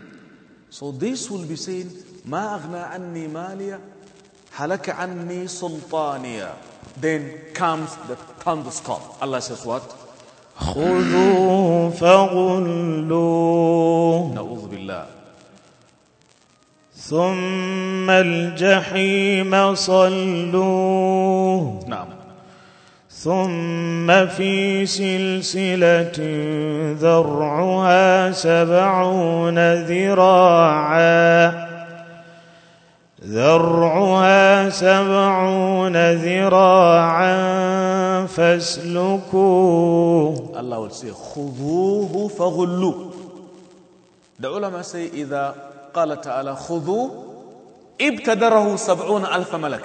B: so this will be seen. ما أغنى عني مَالِي حلك عني سُلْطَانِيَ Then comes the thunderstorm. Allah says what?
A: خذوا فغلوه نعوذ بالله ثم الجحيم صلوه نعم ثم في سلسلة ذرعها سبعون ذراعاً ذرعها سبعون ذراعا فاسلكوه الله يقول خذوه فغلوه
B: The ulama say, إذا قال تعالى خذوه ابتدره سبعون ألف ملك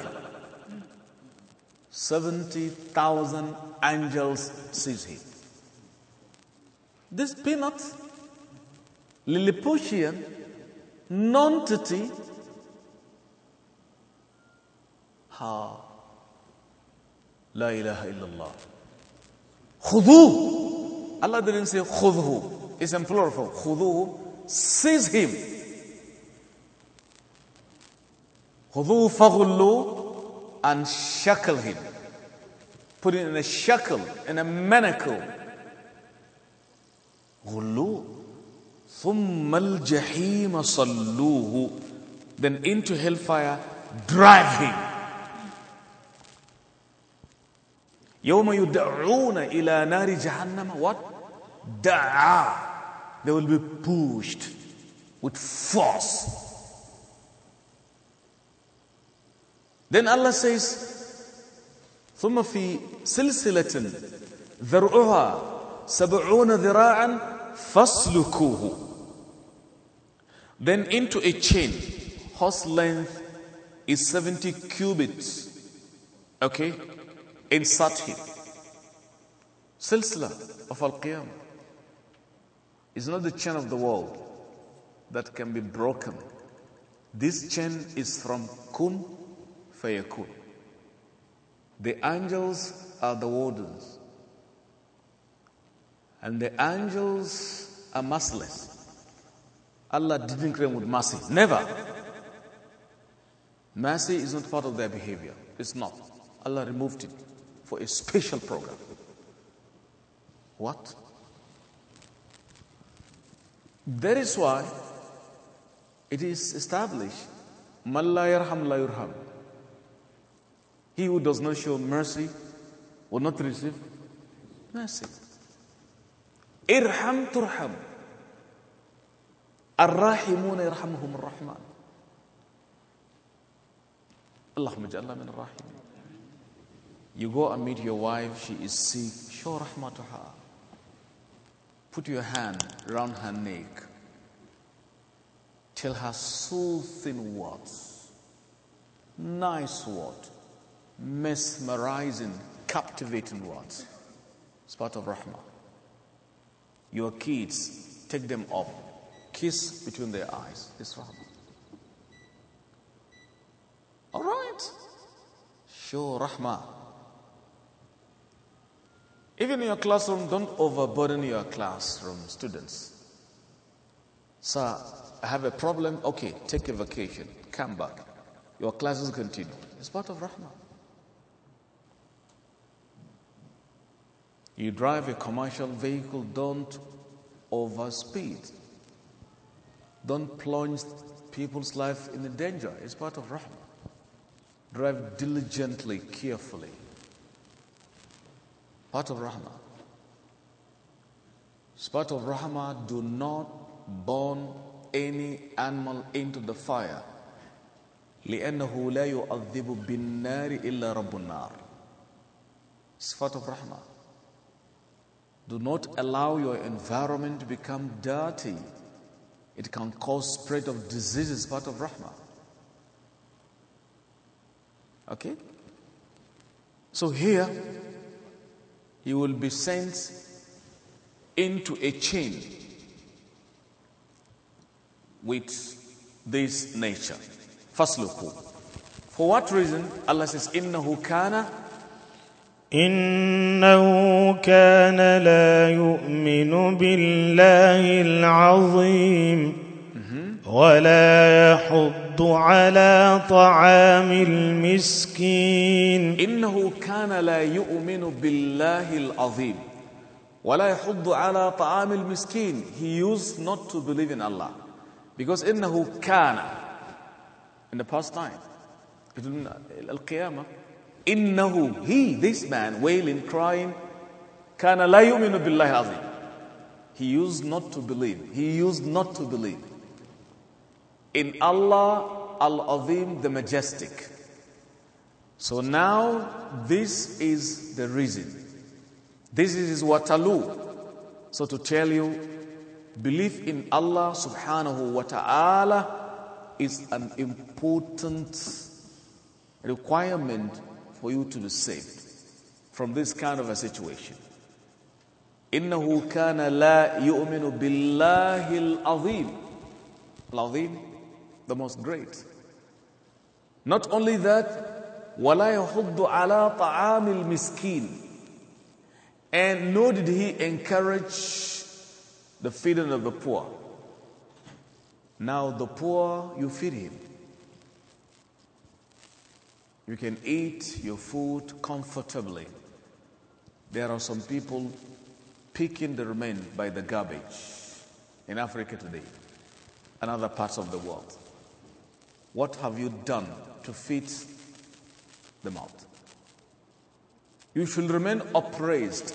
B: 70,000 angels sees him. This peanut, Lilliputian, non nonentity, la ilaha illallah khudhu allah didn't say khudhu it's in plural form khudhu seize him khudhu faghullu and shackle him put him in a shackle in a manacle غلوه ثم الجحيم then into hellfire drive him يوم يدعون إلى نار Jahannam, what? Da'a. They will be pushed with force. Then Allah says, ثم في سلسلة ذرعها سبعون ذراعا فاسلكوه Then into a chain, horse length is 70 cubits. Okay? insert him. Silsila of Al qiyam is not the chain of the world that can be broken. This chain is from Kum Fayakun. The angels are the wardens, and the angels are merciless. Allah didn't create with mercy, never. Mercy is not part of their behavior, it's not. Allah removed it for a special program. What? That is why it is established, Man la yarham la yurham. He who does not show mercy will not receive mercy. Irham turham. الراحمون يرحمهم الرحمن اللهم اجعلنا من الراحمين you go and meet your wife, she is sick. Show rahmah to her. Put your hand around her neck. Tell her soothing words, nice words, mesmerizing, captivating words. It's part of rahmah. Your kids, take them up. Kiss between their eyes. It's rahmah. All right. Show rahmah. Even in your classroom, don't overburden your classroom students. Sir, I have a problem. Okay, take a vacation. Come back. Your classes continue. It's part of Rahmah. You drive a commercial vehicle, don't overspeed. Don't plunge people's life in the danger. It's part of Rahmah. Drive diligently, carefully. Part of rahma. It's part of rahma. do not burn any animal into the fire. لأنه لا يُؤَذِّبُ بالنار إلا رب النار. It's part of rahma. Do not allow your environment to become dirty. It can cause spread of diseases, part of rahma. Okay? So here, he will be sent into a chain with this nature. look For what reason? Allah says, إِنَّهُ كَانَ
A: إنه كان لا يؤمن بالله العظيم ولا يحض يحض على طعام المسكين إنه كان لا يؤمن بالله العظيم ولا يحض
B: على طعام المسكين He used not to believe in Allah because إنه كان in the past time القيامة إنه he this man wailing crying كان لا يؤمن بالله العظيم He used not to believe. He used not to believe in Allah Al Azim, the Majestic. So now this is the reason. This is Watalu. So to tell you, belief in Allah subhanahu wa ta'ala is an important requirement for you to be saved from this kind of a situation. إنه كان لا يؤمن بالله العظيم العظيم the most great. Not only that, وَلَا يَحُضُّ عَلَىٰ طَعَامِ الْمِسْكِينِ And nor did he encourage the feeding of the poor. Now the poor, you feed him. You can eat your food comfortably. There are some people picking the remains by the garbage in Africa today and other parts of the world. What have you done to feed the mouth? You shall remain upraised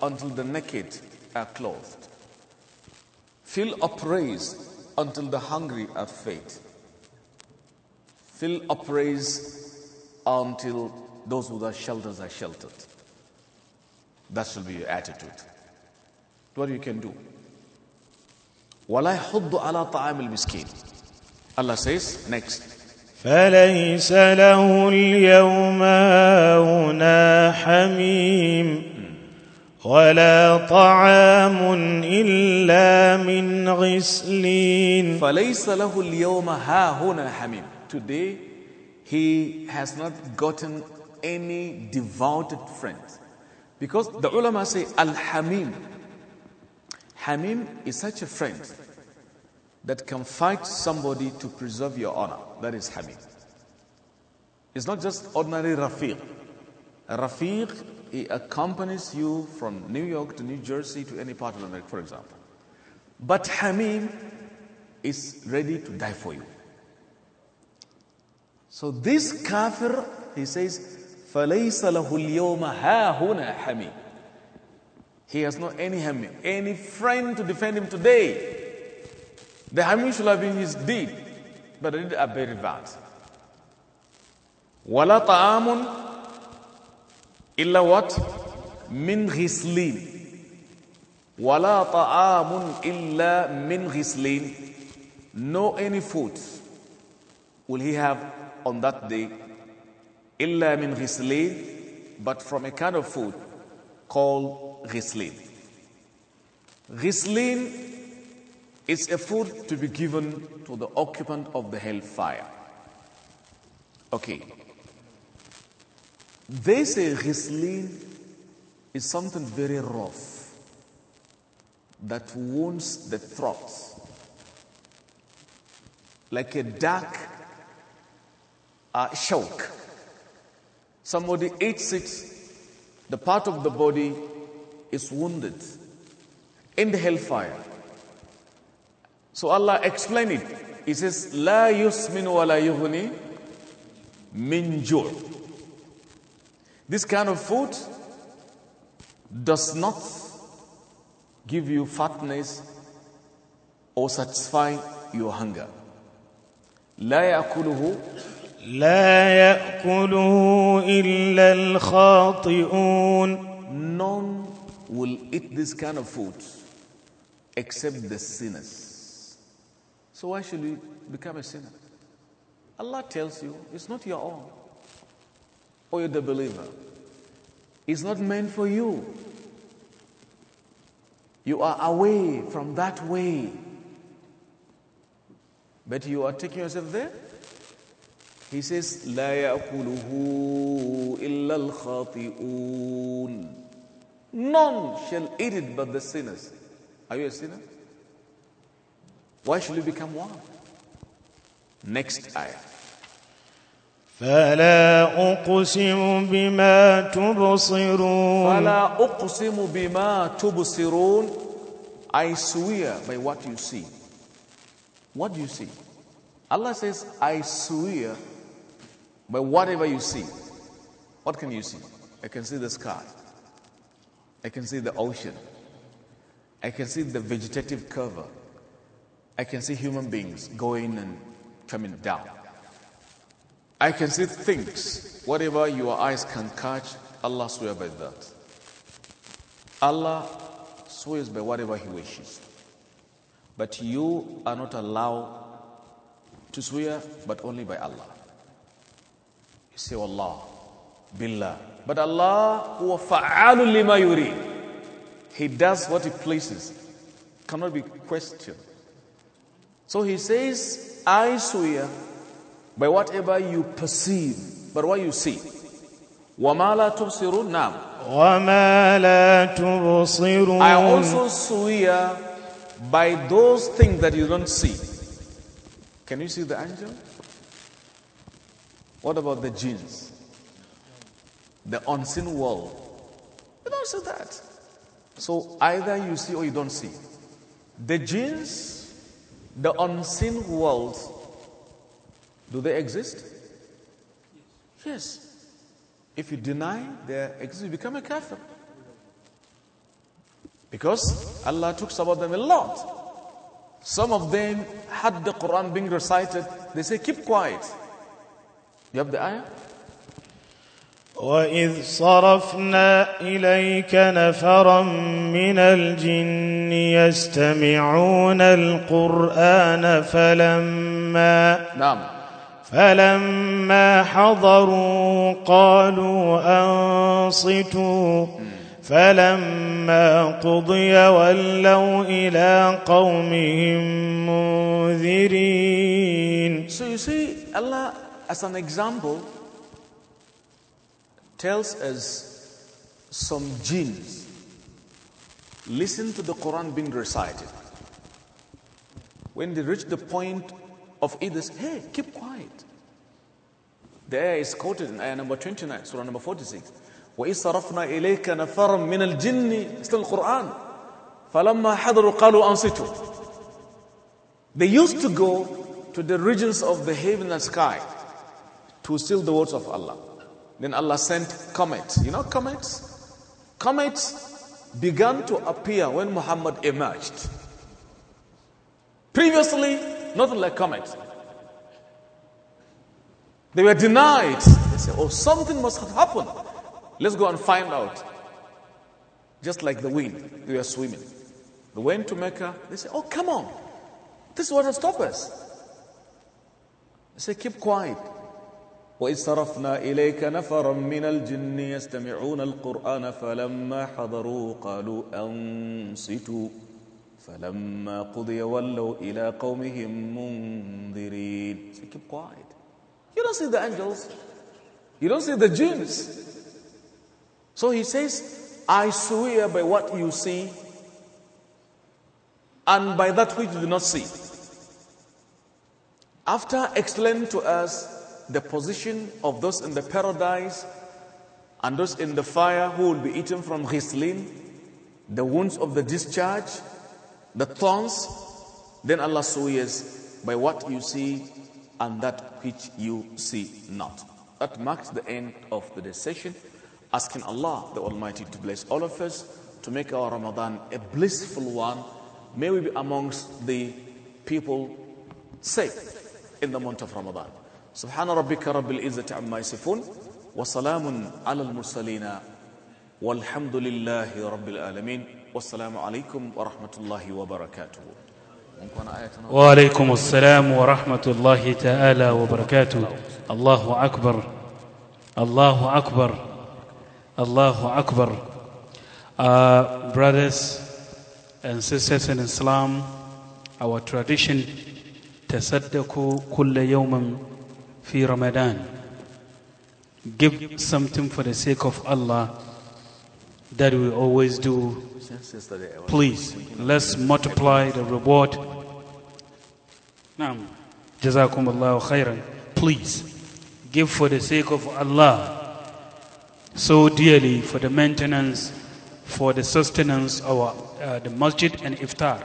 B: until the naked are clothed. Feel upraised until the hungry are fed. Feel upraised until those without shelters are sheltered. That should be your attitude.
A: What you can do. وَلَا يَحُضُّ عَلَىٰ طَعَامِ الْمِسْكِينِ
B: Allah says next.
A: فليس له اليوم هنا حميم ولا طعام إلا من غسلين فليس له اليوم
B: ها هنا حميم Today he has not gotten any devoted friends. Because the ulama say Al-Hamim. Hamim is such a friend that can fight somebody to preserve your honor. That is Hamid. It's not just ordinary Rafiq. A Rafiq, he accompanies you from New York to New Jersey to any part of America, for example. But Hamid is ready to die for you. So this kafir, he says, فَلَيْسَ لَهُ الْيَوْمَ هَاهُنَا حَمِيمٌ He has not any Hamid, any friend to defend him today. The harming should have been his deed, but they did very bad. ولا طعام إلا what من غسلين ولا طعام إلا من غسلين no any food will he have on that day إلا من غسلين but from a kind of food called غسلين غسلين it's a food to be given to the occupant of the hellfire. Okay. They say ghislin is something very rough that wounds the throat, like a dark uh, shock. Somebody eats it, the part of the body is wounded in the hellfire. So Allah explained it. He says, La yusmin wa la yuhuni min jur. This kind of food does not give you fatness or satisfy your hunger.
A: لا يأكله لا يأكله إلا الخاطئون None will eat this kind of food
B: except the sinners. So why should you become a sinner? Allah tells you it's not your own. Or oh, you're the believer. It's not meant for you. You are away from that way. But you are taking yourself there. He says, لا يأكله إلا الخاطئون. None shall eat it but the sinners. Are you a sinner? Why should we become one? Next ayah.
A: فلا أقسم بما تبصرون فلا
B: أقسم بما
A: تبصرون
B: I swear by what you see. What do you see? Allah says, I swear by whatever you see. What can you see? I can see the sky. I can see the ocean. I can see the vegetative cover. I can see human beings going and coming down. I can see things, whatever your eyes can catch, Allah swears by that. Allah swears by whatever He wishes. But you are not allowed to swear, but only by Allah. You say, Allah, Billah. But Allah, huwa fa'alu lima yuri. He does what He pleases. Cannot be questioned. So he says, I swear by whatever you perceive, but what you see.
A: "Wamala لَا تُبْصِرُونَ I also
B: swear by those things that you don't see. Can you see the angel? What about the jinns? The unseen world. You don't see that. So either you see or you don't see. The jinns the unseen worlds. do they exist? Yes. If you deny their existence, you become a kafir. Because Allah talks about them a lot. Some of them had the Quran being recited.
A: They say, keep quiet. You have the ayah? وإذ صرفنا إليك نفرا من الجن يستمعون القرآن فلما نعم فلما حضروا قالوا أنصتوا فلما قضي ولوا إلى قومهم منذرين So you see Allah as an example
B: tells us some jinns listen to the Quran being recited. When they reach the point of either, hey, keep quiet. The ayah is quoted in ayah number 29, surah number 46. وإذ صرفنا إليك نفرا من الجن مثل القرآن فلما حضروا قالوا أنصتوا They used to go to the regions of the heaven and sky to steal the words of Allah. Then Allah sent comets. You know comets? Comets began to appear when Muhammad emerged. Previously, nothing like comets. They were denied. They said, Oh, something must have happened. Let's go and find out. Just like the wind, they were swimming. They went to Mecca. They said, Oh, come on. This water stop us. They said, Keep quiet. وإذ صرفنا إليك نفرا من الجن يستمعون القرآن فلما حضروا قالوا أنصتوا فلما قضي ولوا إلى قومهم منذرين so keep quiet you don't see the angels you don't see the jinns so he says I swear by what you see and by that which you do not see after explaining to us the position of those in the paradise and those in the fire who will be eaten from ghislin, the wounds of the discharge, the thorns, then Allah swears by what you see and that which you see not. That marks the end of the session. Asking Allah the Almighty to bless all of us, to make our Ramadan a blissful one. May we be amongst the people safe in the month of Ramadan. سبحان ربك رب العزة عما يصفون وسلام على المرسلين والحمد لله رب العالمين والسلام عليكم ورحمة الله وبركاته آية وعليكم السلام
C: ورحمة الله تعالى وبركاته الله أكبر الله أكبر الله أكبر uh, brothers and sisters in Islam our tradition تصدق كل يوم Fi Ramadan. Give something for the sake of Allah that we always do. Please, let's multiply the reward. Naam. Jazakum Allah khairan. Please, give for the sake of Allah so dearly for the maintenance, for the sustenance of our, uh, the masjid and iftar.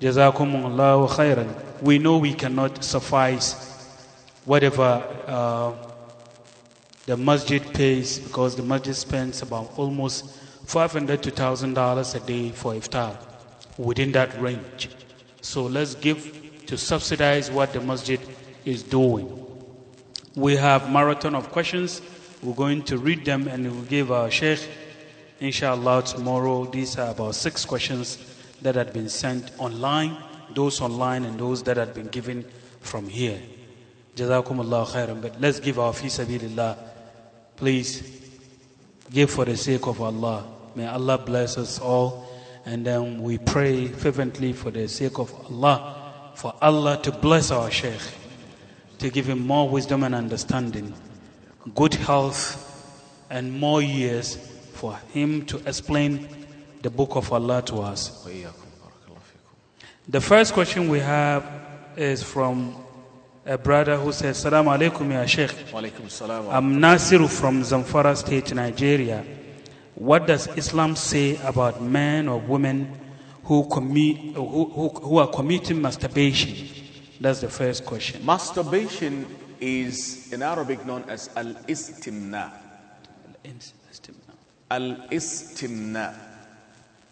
C: Jazakum Allah khairan. We know we cannot suffice whatever uh, the masjid pays, because the masjid spends about almost 500 to $1,000 a day for iftar within that range. So let's give to subsidize what the masjid is doing. We have marathon of questions. We're going to read them and we'll give our sheikh, inshallah, tomorrow. These are about six questions that had been sent online, those online and those that had been given from here. Jazakumullah khairan. But let's give our fi sabilillah. Please give for the sake of Allah. May Allah bless us all. And then we pray fervently for the sake of Allah, for Allah to bless our Sheikh, to give him more wisdom and understanding, good health, and more years for him to explain the book of Allah to us. The first question we have is from a brother who says, Salaam alaikum, ya Sheikh. I'm Nasiru from Zamfara State, Nigeria. What does Islam say about men or women who, commit who, who, who are committing masturbation? That's the first question.
B: Masturbation is in Arabic known as al istimna. Al istimna.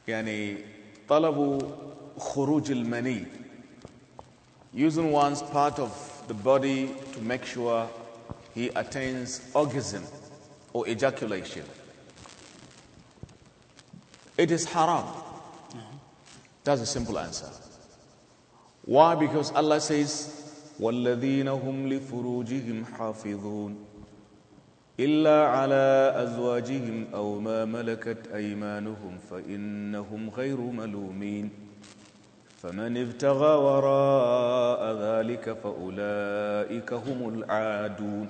B: Yani, talabu khuruj al mani. Using one's part of the body to make sure he attains orgasm or ejaculation. It is haram. That's a simple answer. Why? Because Allah says, والذين هم لفروجهم حافظون إلا على أزواجهم أو ما ملكت أيمانهم فإنهم غير ملومين فمن ابتغى وراء ذلك فأولئك هم العادون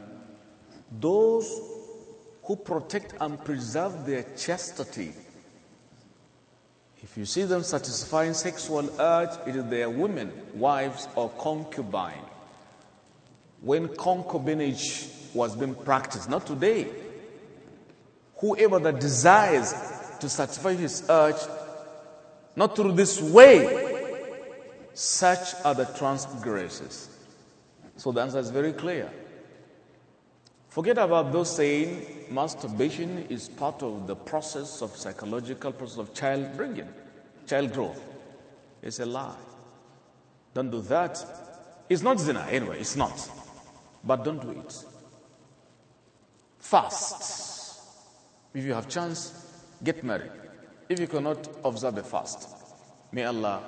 B: Those who protect and preserve their chastity If you see them satisfying sexual urge, it is their women, wives, or concubine. When concubinage was being practiced, not today, whoever that desires to satisfy his urge, not through this way, such are the transgressors. So the answer is very clear. Forget about those saying masturbation is part of the process of psychological process of child bringing, child growth. It's a lie. Don't do that. It's not zina anyway, it's not. But don't do it. Fast. If you have chance, get married. If you cannot observe a fast, may Allah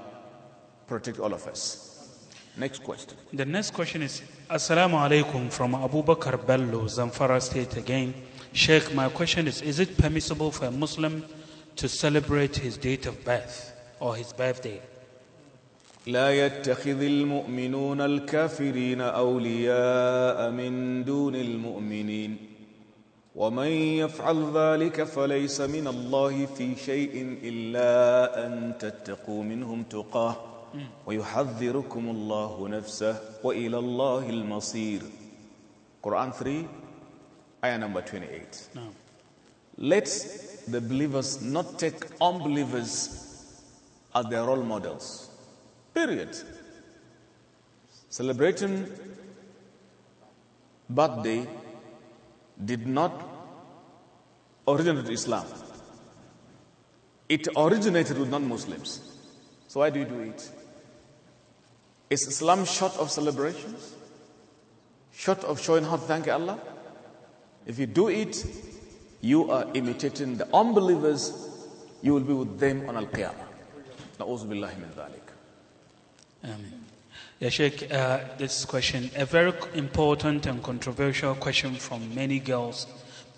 B: protect all of us. Next question.
C: The next question is Assalamu alaikum from Abu Bakr Bello, Zamfara State again. Sheikh, my question is Is it permissible for a Muslim to celebrate his date of birth or his birthday?
B: لا يتخذ المؤمنون الكافرين أولياء من دون المؤمنين ومن يفعل ذلك فليس من الله في شيء إلا أن تتقوا منهم تقاه وَيُحَذِّرُكُمُ اللَّهُ نَفْسَهُ وَإِلَى اللَّهِ الْمَصِيرُ Quran 3, ayah number 28. No. Let the believers not take unbelievers as their role models. Period. Celebrating birthday did not originate Islam. It originated with non-Muslims. So why do you do it? Is Islam short of celebrations? Short of showing how to thank Allah? If you do it, you are imitating the unbelievers, you will be with them on Al Qiyamah.
C: Amen. Yeah, Sheikh, uh, this question, a very important and controversial question from many girls.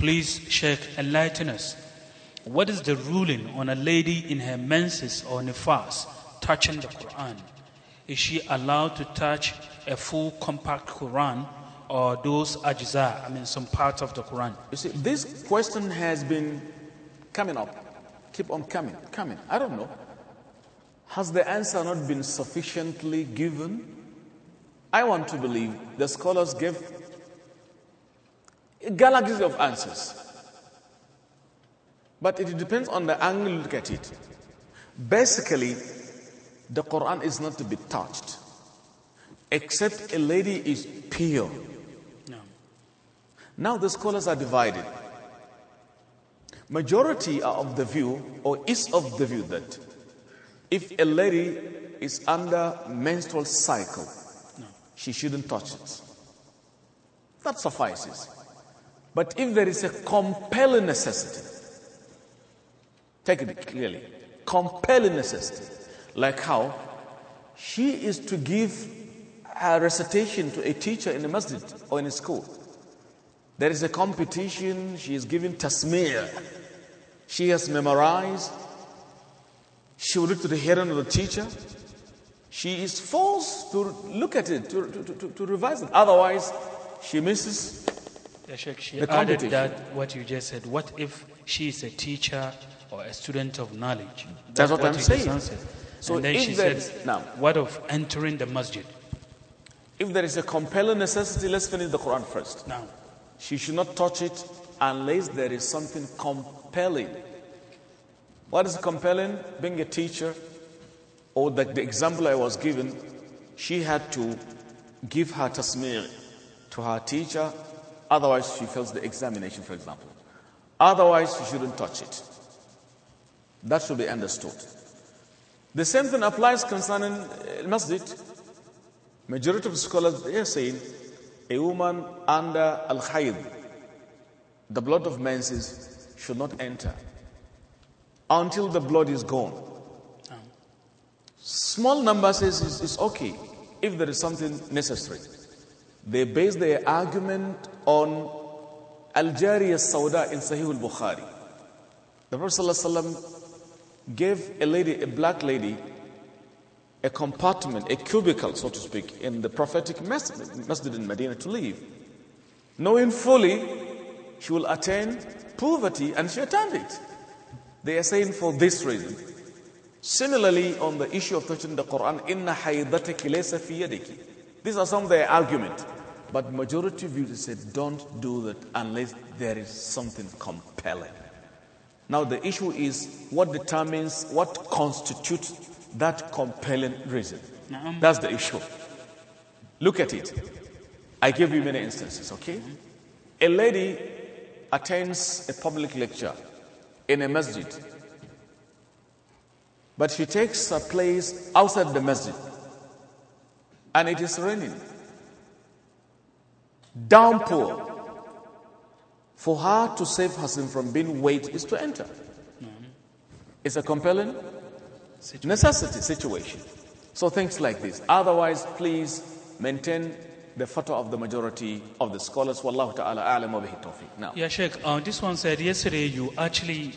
C: Please, Sheikh, enlighten us. What is the ruling on a lady in her menses or nifas touching the Quran? Is she allowed to touch a full compact Quran or those ajza, I mean, some parts of the Quran? You see, this question
B: has been coming up, keep on coming, coming. I don't know. Has the answer not been sufficiently given? I want to believe the scholars gave galaxies of answers. But it depends on the angle you look at it. Basically, the Quran is not to be touched except a lady is pure. No. Now the scholars are divided. Majority are of the view, or is of the view, that if a lady is under menstrual cycle, no. she shouldn't touch it. That suffices. But if there is a compelling necessity, take it clearly compelling necessity, like how? She is to give a recitation to a teacher in a masjid or in a school. There is a competition, she is given tasmir. She has memorized. She will look to the hearing of the teacher. She is forced to look at it, to, to, to, to revise it. Otherwise, she misses yeah, Sheikh, she the added that
C: what you just said. What if she is a teacher or a student of knowledge? That's, That's what, what, I'm saying. Answered.
B: So and then she there, said, now, what of entering the masjid? If there is a compelling necessity, let's finish the Quran first. Now, she should not touch it unless there is something compelling. What is compelling? Being a teacher, or the, the example I was given, she had to give her tasmir to her teacher, otherwise she fails the examination, for example. Otherwise, she shouldn't touch it. That should be understood. The same thing applies concerning uh, masjid. Majority of scholars they are saying a woman under al khayd the blood of menses should not enter until the blood is gone. Small number says it's, it's okay if there is something necessary. They base their argument on Al Jariya Sauda in Sahih al Bukhari. The Prophet gave a lady, a black lady, a compartment, a cubicle, so to speak, in the prophetic masjid, in Medina to live. Knowing fully she will attain poverty, and she attained it. They are saying for this reason. Similarly, on the issue of touching the Quran, inna haydataki laysa fi yadiki. These are some of their argument, but majority you said don't do that unless there is something compelling. Now, the issue is what determines what constitutes that compelling reason. That's the issue. Look at it. I give you many instances, okay? A lady attends a public lecture in a masjid, but she takes her place outside the masjid, and it is raining. Downpour for her to save herself from being weighed is to enter. Mm-hmm. It's a compelling situation. necessity situation. So things like this. Otherwise, please maintain the photo of the majority of the scholars. Wallahu ta'ala a'lam wa bihi tawfiq. Now.
C: Yeah, Sheikh, uh, this one said yesterday you actually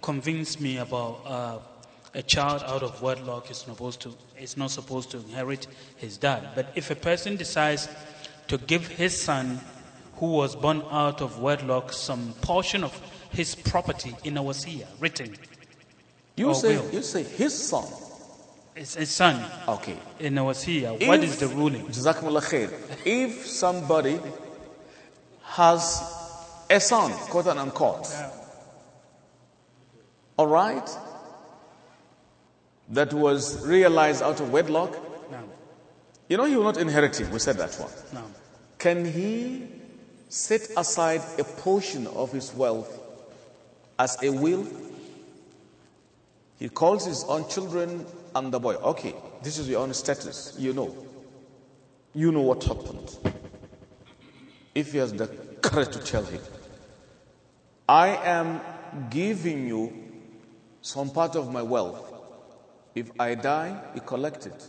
C: convinced me about uh, a child out of wedlock is supposed to is not supposed to inherit his dad. But if a person decides to give his son who was born out of wedlock some portion of his property in a wasiya written. You say will.
B: you say his son.
C: It's his son. Okay.
B: In a wasiya, what is the ruling? Jazakumullah khair. If somebody has a son, quote and unquote. Yeah. All right? That was realized out of wedlock. No. You know, he will not inherit him. We said that one. No. Can he set aside a portion of his wealth as a will. He calls his own children and the boy. Okay, this is your own status. You know. You know what happened. If he has the courage to tell him, I am giving you some part of my wealth. If I die, you collect it.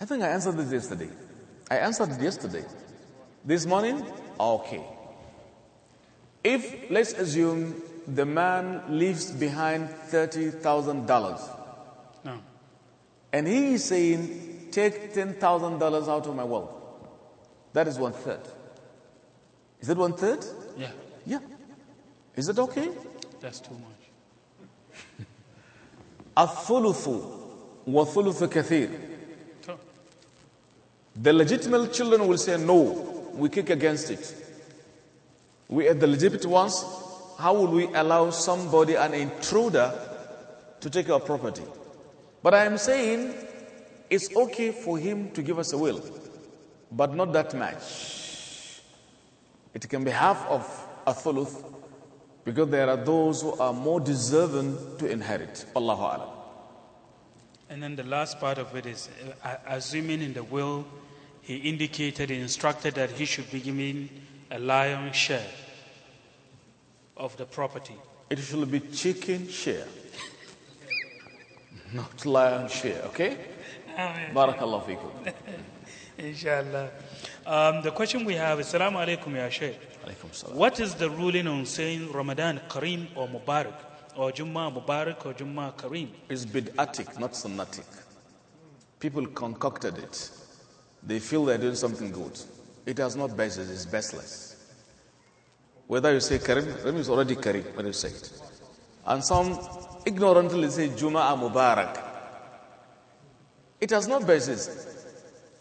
B: I think I answered this yesterday. I answered it yesterday. This morning? Okay. If, let's assume, the man leaves behind $30,000. No. And he is saying, take $10,000 out of my wealth. That is one third. Is that one third? Yeah. Yeah. Is it okay? That's too much. الثلث وثلث kathir. The legitimate children will say no we kick against it. We are the legitimate ones. How will we allow somebody, an intruder, to take our property? But I am saying it's okay for him to give us a will, but not that much. It can be half of a thuluth because there are those who are more deserving to inherit. Allahu Alam.
C: And then the last part of it is uh, assuming in the will he indicated, he instructed that he should be given a lion's share of the property.
B: It should be chicken share, not lion share, okay? Barakallah fikum.
C: Inshallah. Um, the question we have is Assalamu alaikum, Ya Shaykh. What is the ruling on saying Ramadan Kareem or Mubarak? Or Jummah Mubarak or Jummah Kareem? It's bid'atic,
B: not sunnatic. People concocted it. They feel they're doing something good. It has not basis, it's baseless. Whether you say Karim, Karim is already Karim when you say it. And some ignorantly say Jum'a Mubarak. It has no basis.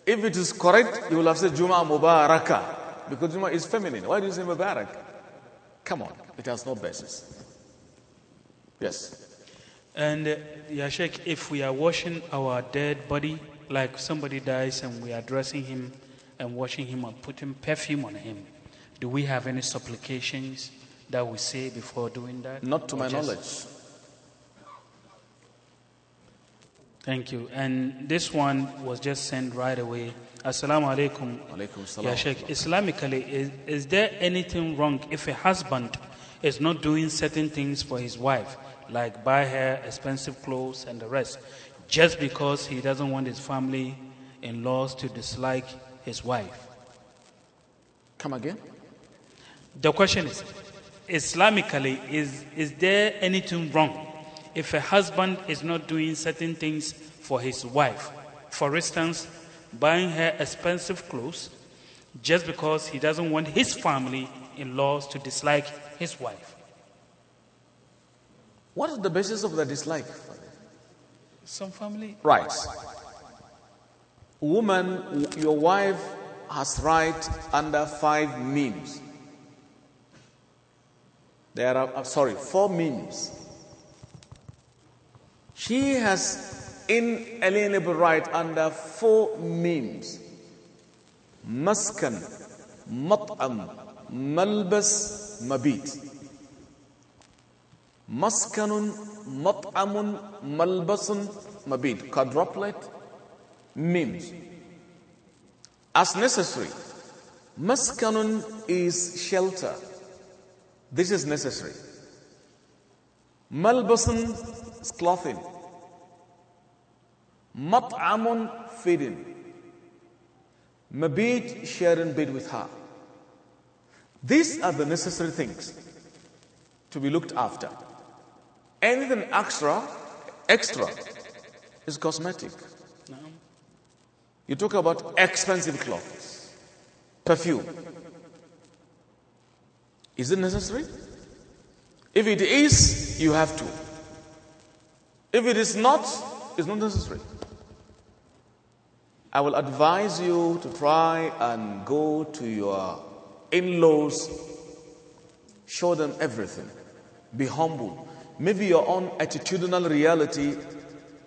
B: If it is correct, you will have said Jum'a Mubaraka because Jum'a is feminine. Why do you say Mubarak? Come on, it has no basis.
C: Yes. And, uh, Yashik, if we are washing our dead body, like somebody dies and we are dressing him and washing him and putting perfume on him. Do we have any supplications that we say before doing that? Not to or my just... knowledge. Thank you. And this one was just sent right away. Assalamu alaikum.
B: Alaikum salam. Ya Sheikh,
C: Islamically, is, is there anything wrong if a husband is not doing certain things for his wife, like buy her expensive clothes and the rest? just because he doesn't want his family in laws to dislike his wife. Come again? The question is Islamically, is, is there anything wrong if a husband is not doing certain things for his wife? For instance, buying her expensive clothes just because he doesn't want his family in laws to dislike his wife.
B: What is the basis of the dislike?
C: Some family rights.
B: Woman, your wife has right under five memes. There are, uh, sorry, four memes. She has inalienable right under four memes. Maskan, mat'am, malbas, mabit. مسكن مطعم malbasun mabid quadruplet means as necessary مسكن is shelter this is necessary malbasun is clothing مطعم feeding Mabit sharing bed with her. These are the necessary things to be looked after. Anything extra, extra, is cosmetic. No. You talk about expensive clothes, perfume. Is it necessary? If it is, you have to. If it is not, it's not necessary. I will advise you to try and go to your in laws, show them everything, be humble maybe your own attitudinal reality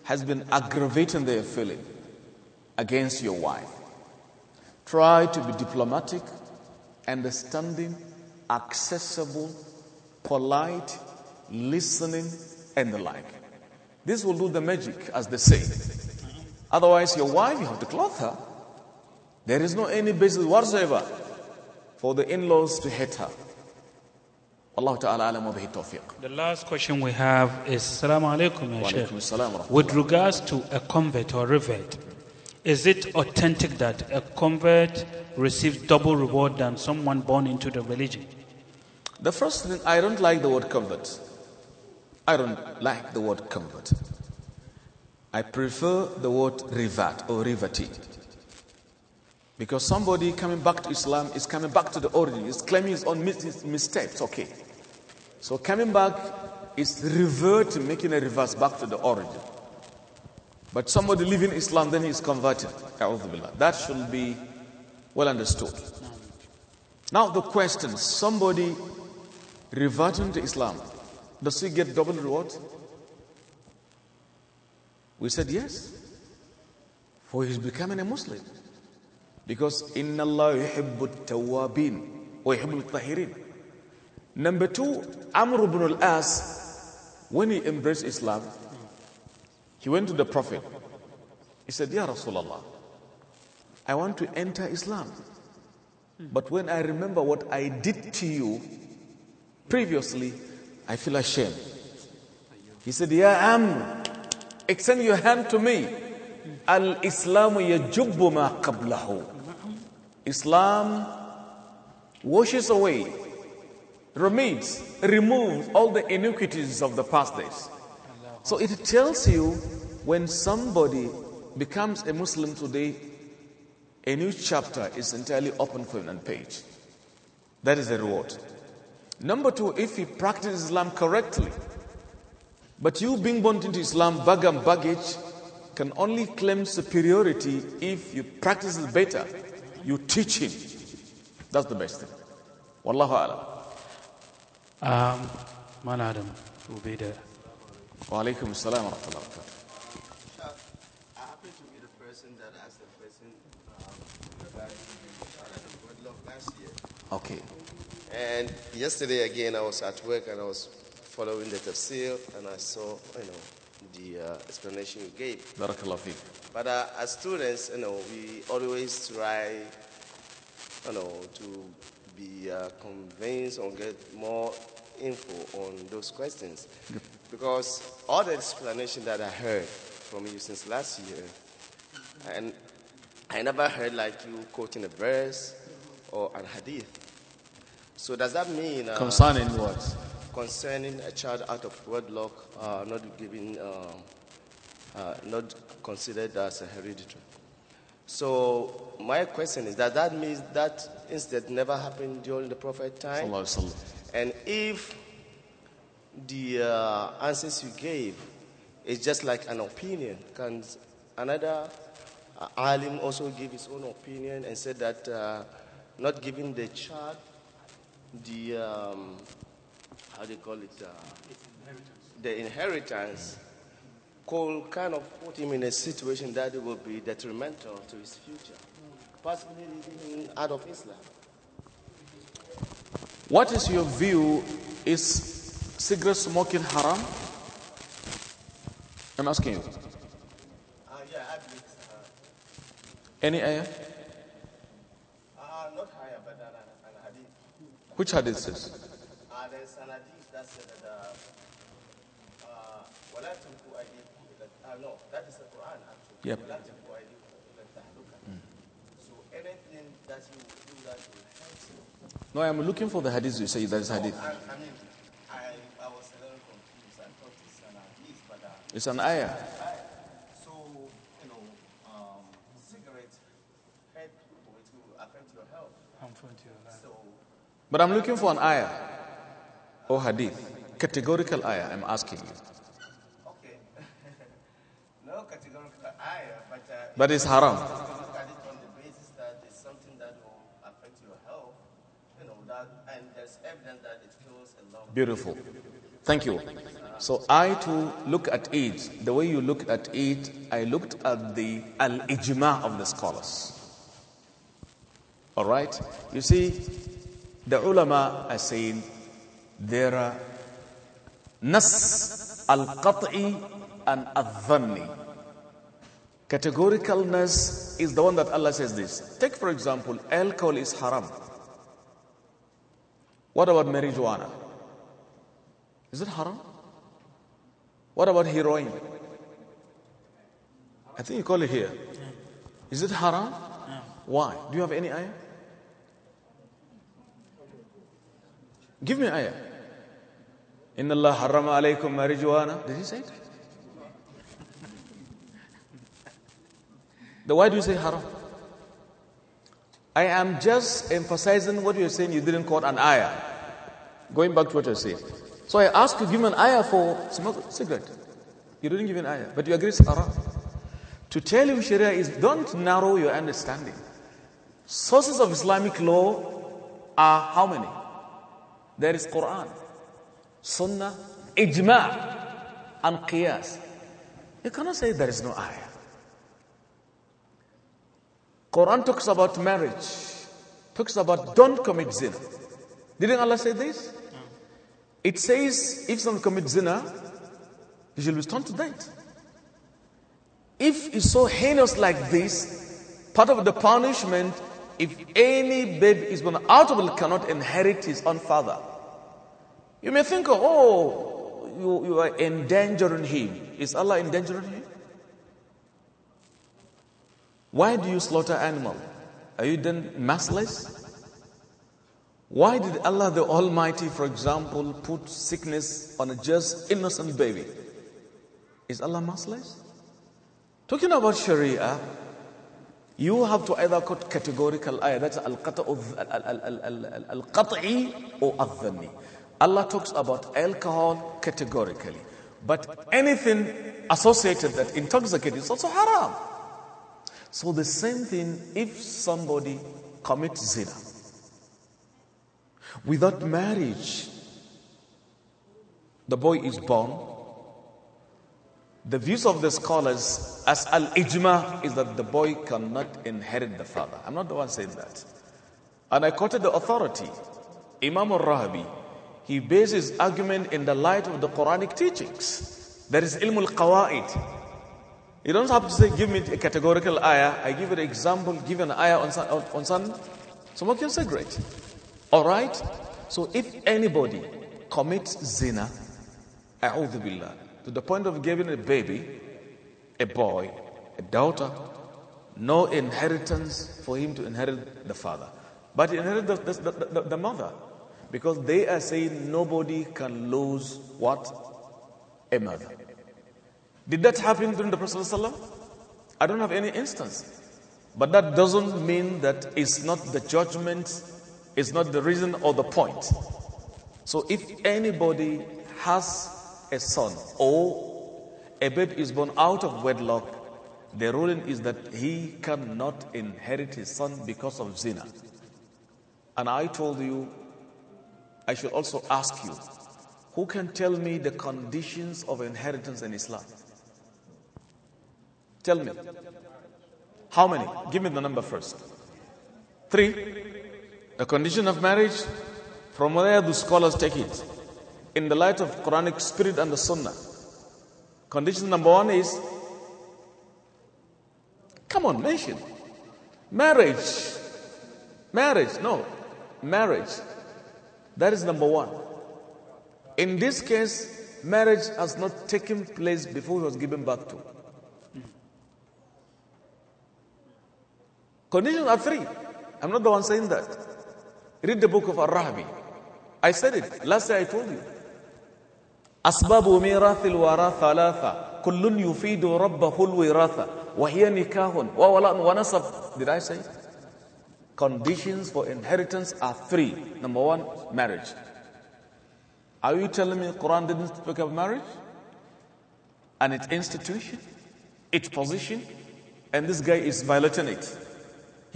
B: has been aggravating their feeling against your wife. Try to be diplomatic, understanding, accessible, polite, listening, and the like. This will do the magic, as they say. Otherwise, your wife, you have to clothe her. There is no any basis whatsoever for the in laws to hate her. Allah Ta'ala alam wa bihi tawfiq.
C: The last question we have is Assalamu alaikum, alaikum With regards to a convert or revert, is it authentic that a convert receives double reward than someone born into the religion?
B: The first thing, I don't like the word convert. I don't like the word convert. I prefer the word revert or revertee. Because somebody coming back to Islam is coming back to the origin, is claiming his own mistakes. okay. So coming back is reverting, making a reverse back to the origin. But somebody leaving Islam, then he is converted. That should be well understood. Now the question, somebody reverting to Islam, does he get double reward? We said yes. For he's becoming a Muslim. Because inna Allah yuhibbu tawabin wa yuhibbu tahirin. Number two, Amr ibn al-As, when he embraced Islam, he went to the Prophet. He said, Ya Rasulullah, I want to enter Islam. But when I remember what I did to you previously, I feel ashamed. He said, Ya Amr, extend your hand to me. Al Islamu yajubbu ma qablahu. Islam washes away remits, removes all the iniquities of the past days. So it tells you when somebody becomes a Muslim today, a new chapter is entirely open for him and page. That is the reward. Number two, if he practices Islam correctly, but you being born into Islam, bag and baggage, can only claim superiority if you practice it better. You teach him. That's the best thing. Wallahu alam. Um, Man Adam will be there. Wa alaikum assalam wa rahmatullahi wa barakatuh. I happen to be the person
D: that asked the person uh, last year. Okay. And yesterday again, I was at work and I was following the tafsir and I saw, you know, the uh, explanation you gave.
B: Barakallah fiqh.
D: But uh, as students, you know, we always try, you know, to be uh, convinced or get more info on those questions. Because all the explanation that I heard from you since last year, and I never heard like you quoting a verse or an hadith. So does that mean uh, concerning what? Concerning a child out of wedlock, uh, not given, uh, uh, not considered as a hereditary. So my question is that that means that incident never happened during the prophet time. And if the uh, answers you gave is just like an opinion, can another uh, alim also give his own opinion and said that uh, not giving the child the um, how do you call it uh, the inheritance could kind of put him in a situation that it will be detrimental to his future, possibly leading him out of Islam.
B: What is your view? Is cigarette smoking haram? I'm asking you. Uh, yeah, I believe Any ayah? Uh, not ayah, but an, an hadith.
D: Which hadith says? Uh, there's an hadith that says that Yep.
B: No, I'm looking for the hadith you say that is hadith.
D: I, mean, it's an ayah. So, you know, um, cigarettes hurt will affect your health.
C: Harmful your life. So,
B: but I'm looking for an ayah or hadith, categorical ayah. I'm asking you. but it's haram. Beautiful. Thank you. So I too look at it the way you look at it. I looked at the al ijma of the scholars. All right. You see, the ulama are saying there are nas al qat'i and al dhanni. Categoricalness is the one that Allah says this. Take, for example, alcohol is haram. What about marijuana? Is it haram? What about heroin? I think you call it here. Is it haram? Why? Do you have any ayah? Give me ayah. Inna Allah harrama alaykum marijuana. Did he say it? The why do you say haram? I am just emphasizing what you're saying. You didn't quote an ayah. Going back to what I said. So I asked you give me an ayah for smoke cigarette. You didn't give an ayah, but you agree it's haram. To tell you Sharia is don't narrow your understanding. Sources of Islamic law are how many? There is Quran, Sunnah, Ijma, and Qiyas. You cannot say there is no ayah. Quran talks about marriage, talks about don't commit zina. Didn't Allah say this? It says if someone commits zina, he shall be stoned to death. If it's so heinous like this, part of the punishment, if any baby is born out of it, cannot inherit his own father. You may think, oh, you, you are endangering him. Is Allah endangering him? Why do you slaughter animal? Are you then massless? Why did Allah the Almighty, for example, put sickness on a just innocent baby? Is Allah massless? Talking about Sharia, you have to either quote categorical ayah, that's al qat'i or al dhani. Allah talks about alcohol categorically. But anything associated that intoxicates is also haram. So the same thing if somebody commits zina. Without marriage, the boy is born. The views of the scholars as al ijma is that the boy cannot inherit the father. I'm not the one saying that. And I quoted the authority, Imam al Rahabi. He bases argument in the light of the Quranic teachings. There is ilm al qawaid, you don't have to say, give me a categorical ayah. I give you an example, give an ayah on, on Sunday. Someone can say, great. All right? So if anybody commits zina, a'udhu billah, to the point of giving a baby, a boy, a daughter, no inheritance for him to inherit the father. But inherit the, the, the, the mother. Because they are saying nobody can lose what? A mother. Did that happen during the Prophet? I don't have any instance. But that doesn't mean that it's not the judgment, it's not the reason or the point. So if anybody has a son or a baby is born out of wedlock, the ruling is that he cannot inherit his son because of zina. And I told you, I should also ask you, who can tell me the conditions of inheritance in Islam? Tell me. How many? Give me the number first. Three. The condition of marriage, from where do scholars take it? In the light of Quranic spirit and the Sunnah. Condition number one is come on, mention. Marriage. Marriage, no. Marriage. That is number one. In this case, marriage has not taken place before he was given birth to. Conditions are three. I'm not the one saying that. Read the book of Ar-Rahbi. I said it last day I told you. أسباب ميراث الورى ثلاثة كل يفيد ربه الوراثة وهي نكاه وولاء ونسب Did I say it? Conditions for inheritance are three. Number one, marriage. Are you telling me Quran didn't speak of marriage? And its institution, its position, and this guy is violating it.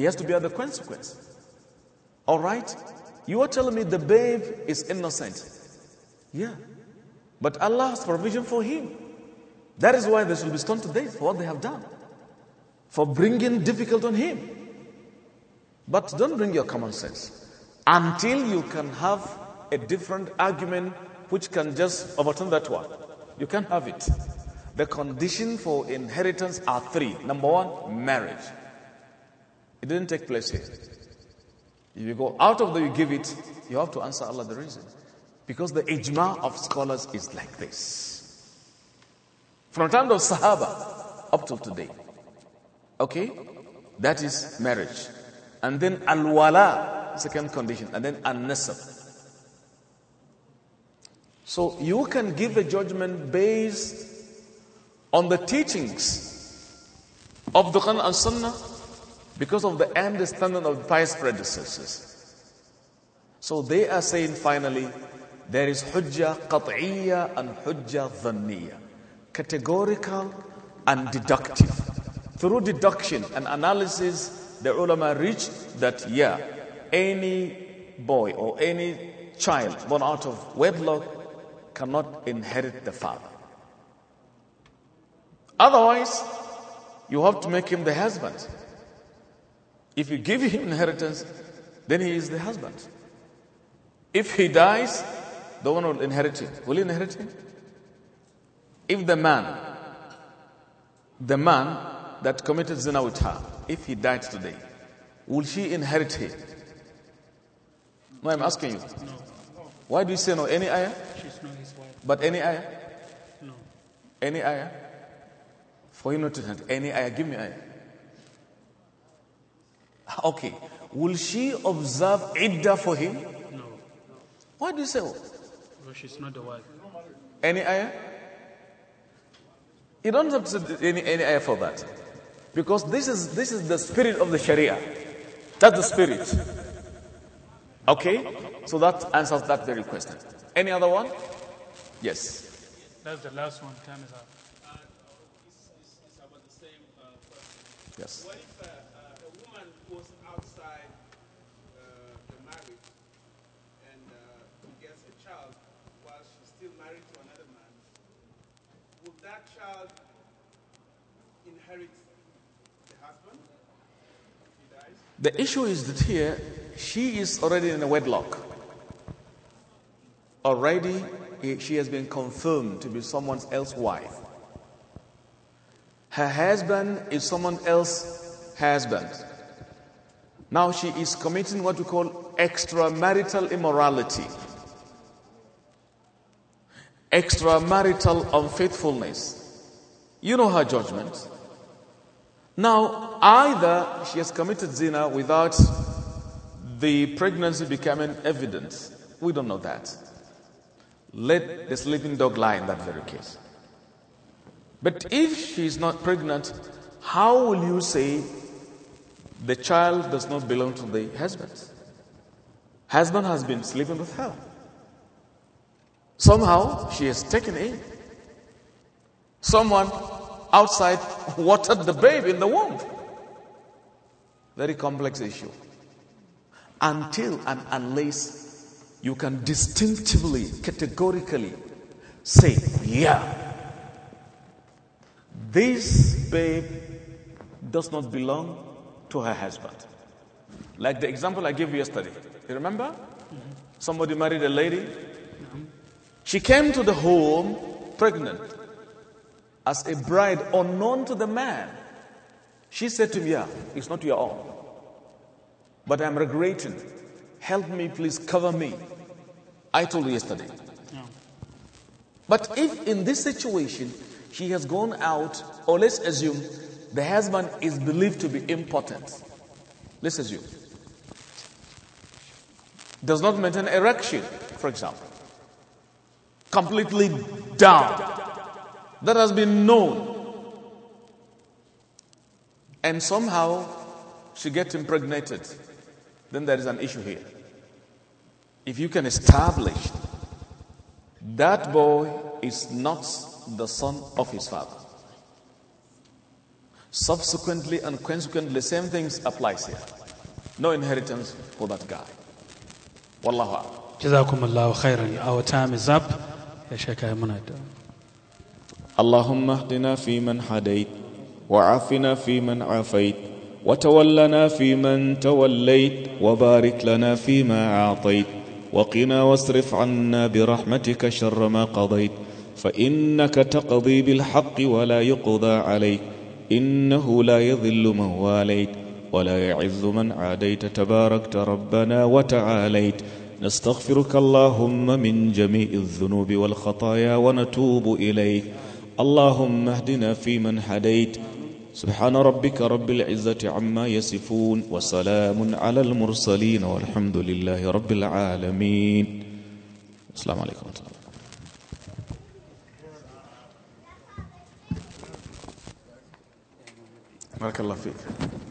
B: He has to bear the consequence. All right? You are telling me the babe is innocent. Yeah. But Allah has provision for him. That is why they should be stoned to death for what they have done, for bringing difficult on him. But don't bring your common sense until you can have a different argument which can just overturn that one. You can have it. The condition for inheritance are three. Number one, marriage. It didn't take place here. If you go out of the you give it, you have to answer Allah the reason. Because the ijma of scholars is like this. From the time of Sahaba up till today. Okay? That is marriage. And then al-wala, second condition. And then an-nasab. So you can give a judgment based on the teachings of the Quran and Sunnah because of the understanding of pious predecessors. So they are saying finally, there is hujjah qat'iyya and hujjah dhanniya, categorical and deductive. Through deduction and analysis, the ulama reached that, yeah, any boy or any child born out of wedlock cannot inherit the father. Otherwise, you have to make him the husband. If you give him inheritance, then he is the husband. If he dies, the one will inherit him. Will inherit him? If the man, the man that committed zina with her, if he died today, will she inherit him? No, I'm asking you. No. Why do you say no? Any ayah?
C: She's
D: not his wife. But any ayah? No.
B: Any ayah? For you not to inherit. Any ayah? Give me ayah. Okay. Will she observe idda for him? No. Why do you say? Because
C: well, she's not the wife.
B: Any ayah? You don't have to any, any ayah for that. Because this is, this is the spirit of the Sharia. That's the spirit. Okay? So that answers that very question. Any other one?
C: Yes. That's the last one. Time is up. Yes. Uh,
B: The issue is that here she is already in a wedlock. Already she has been confirmed to be someone else's wife. Her husband is someone else's husband. Now she is committing what we call extramarital immorality, extramarital unfaithfulness. You know her judgment. Now, Either she has committed zina without the pregnancy becoming evident. We don't know that. Let the sleeping dog lie in that very case. But if she is not pregnant, how will you say the child does not belong to the husband? Husband has been sleeping with her. Somehow she has taken in. Someone outside watered the baby in the womb. Very complex issue. Until and unless you can distinctively, categorically say, yeah, this babe does not belong to her husband. Like the example I gave yesterday. You remember? Mm-hmm. Somebody married a lady. She came to the home pregnant as a bride unknown to the man. She said to me, Yeah, it's not your own. But I'm regretting. Help me, please cover me. I told her yesterday. But if in this situation she has gone out, or let's assume the husband is believed to be impotent, let's assume, does not maintain erection, for example, completely down, that has been known and somehow she gets impregnated, then there is an issue here. If you can establish that boy is not the son of his father. Subsequently and consequently, same things applies here. No inheritance for that guy. Wallahu
C: جزاكم الله خيرا. Our time is up. يا شيخ
B: اللهم اهدنا فيمن هديت وعافنا فيمن عافيت وتولنا فيمن توليت وبارك لنا فيما أعطيت وقنا واصرف عنا برحمتك شر ما قضيت فإنك تقضي بالحق ولا يقضى عليك إنه لا يذل من واليت ولا يعز من عاديت تباركت ربنا وتعاليت نستغفرك اللهم من جميع الذنوب والخطايا ونتوب إليك اللهم اهدنا فيمن هديت سبحان ربك رب العزة عما يصفون وسلام على المرسلين والحمد لله رب العالمين السلام عليكم ورحمة الله بارك الله فيك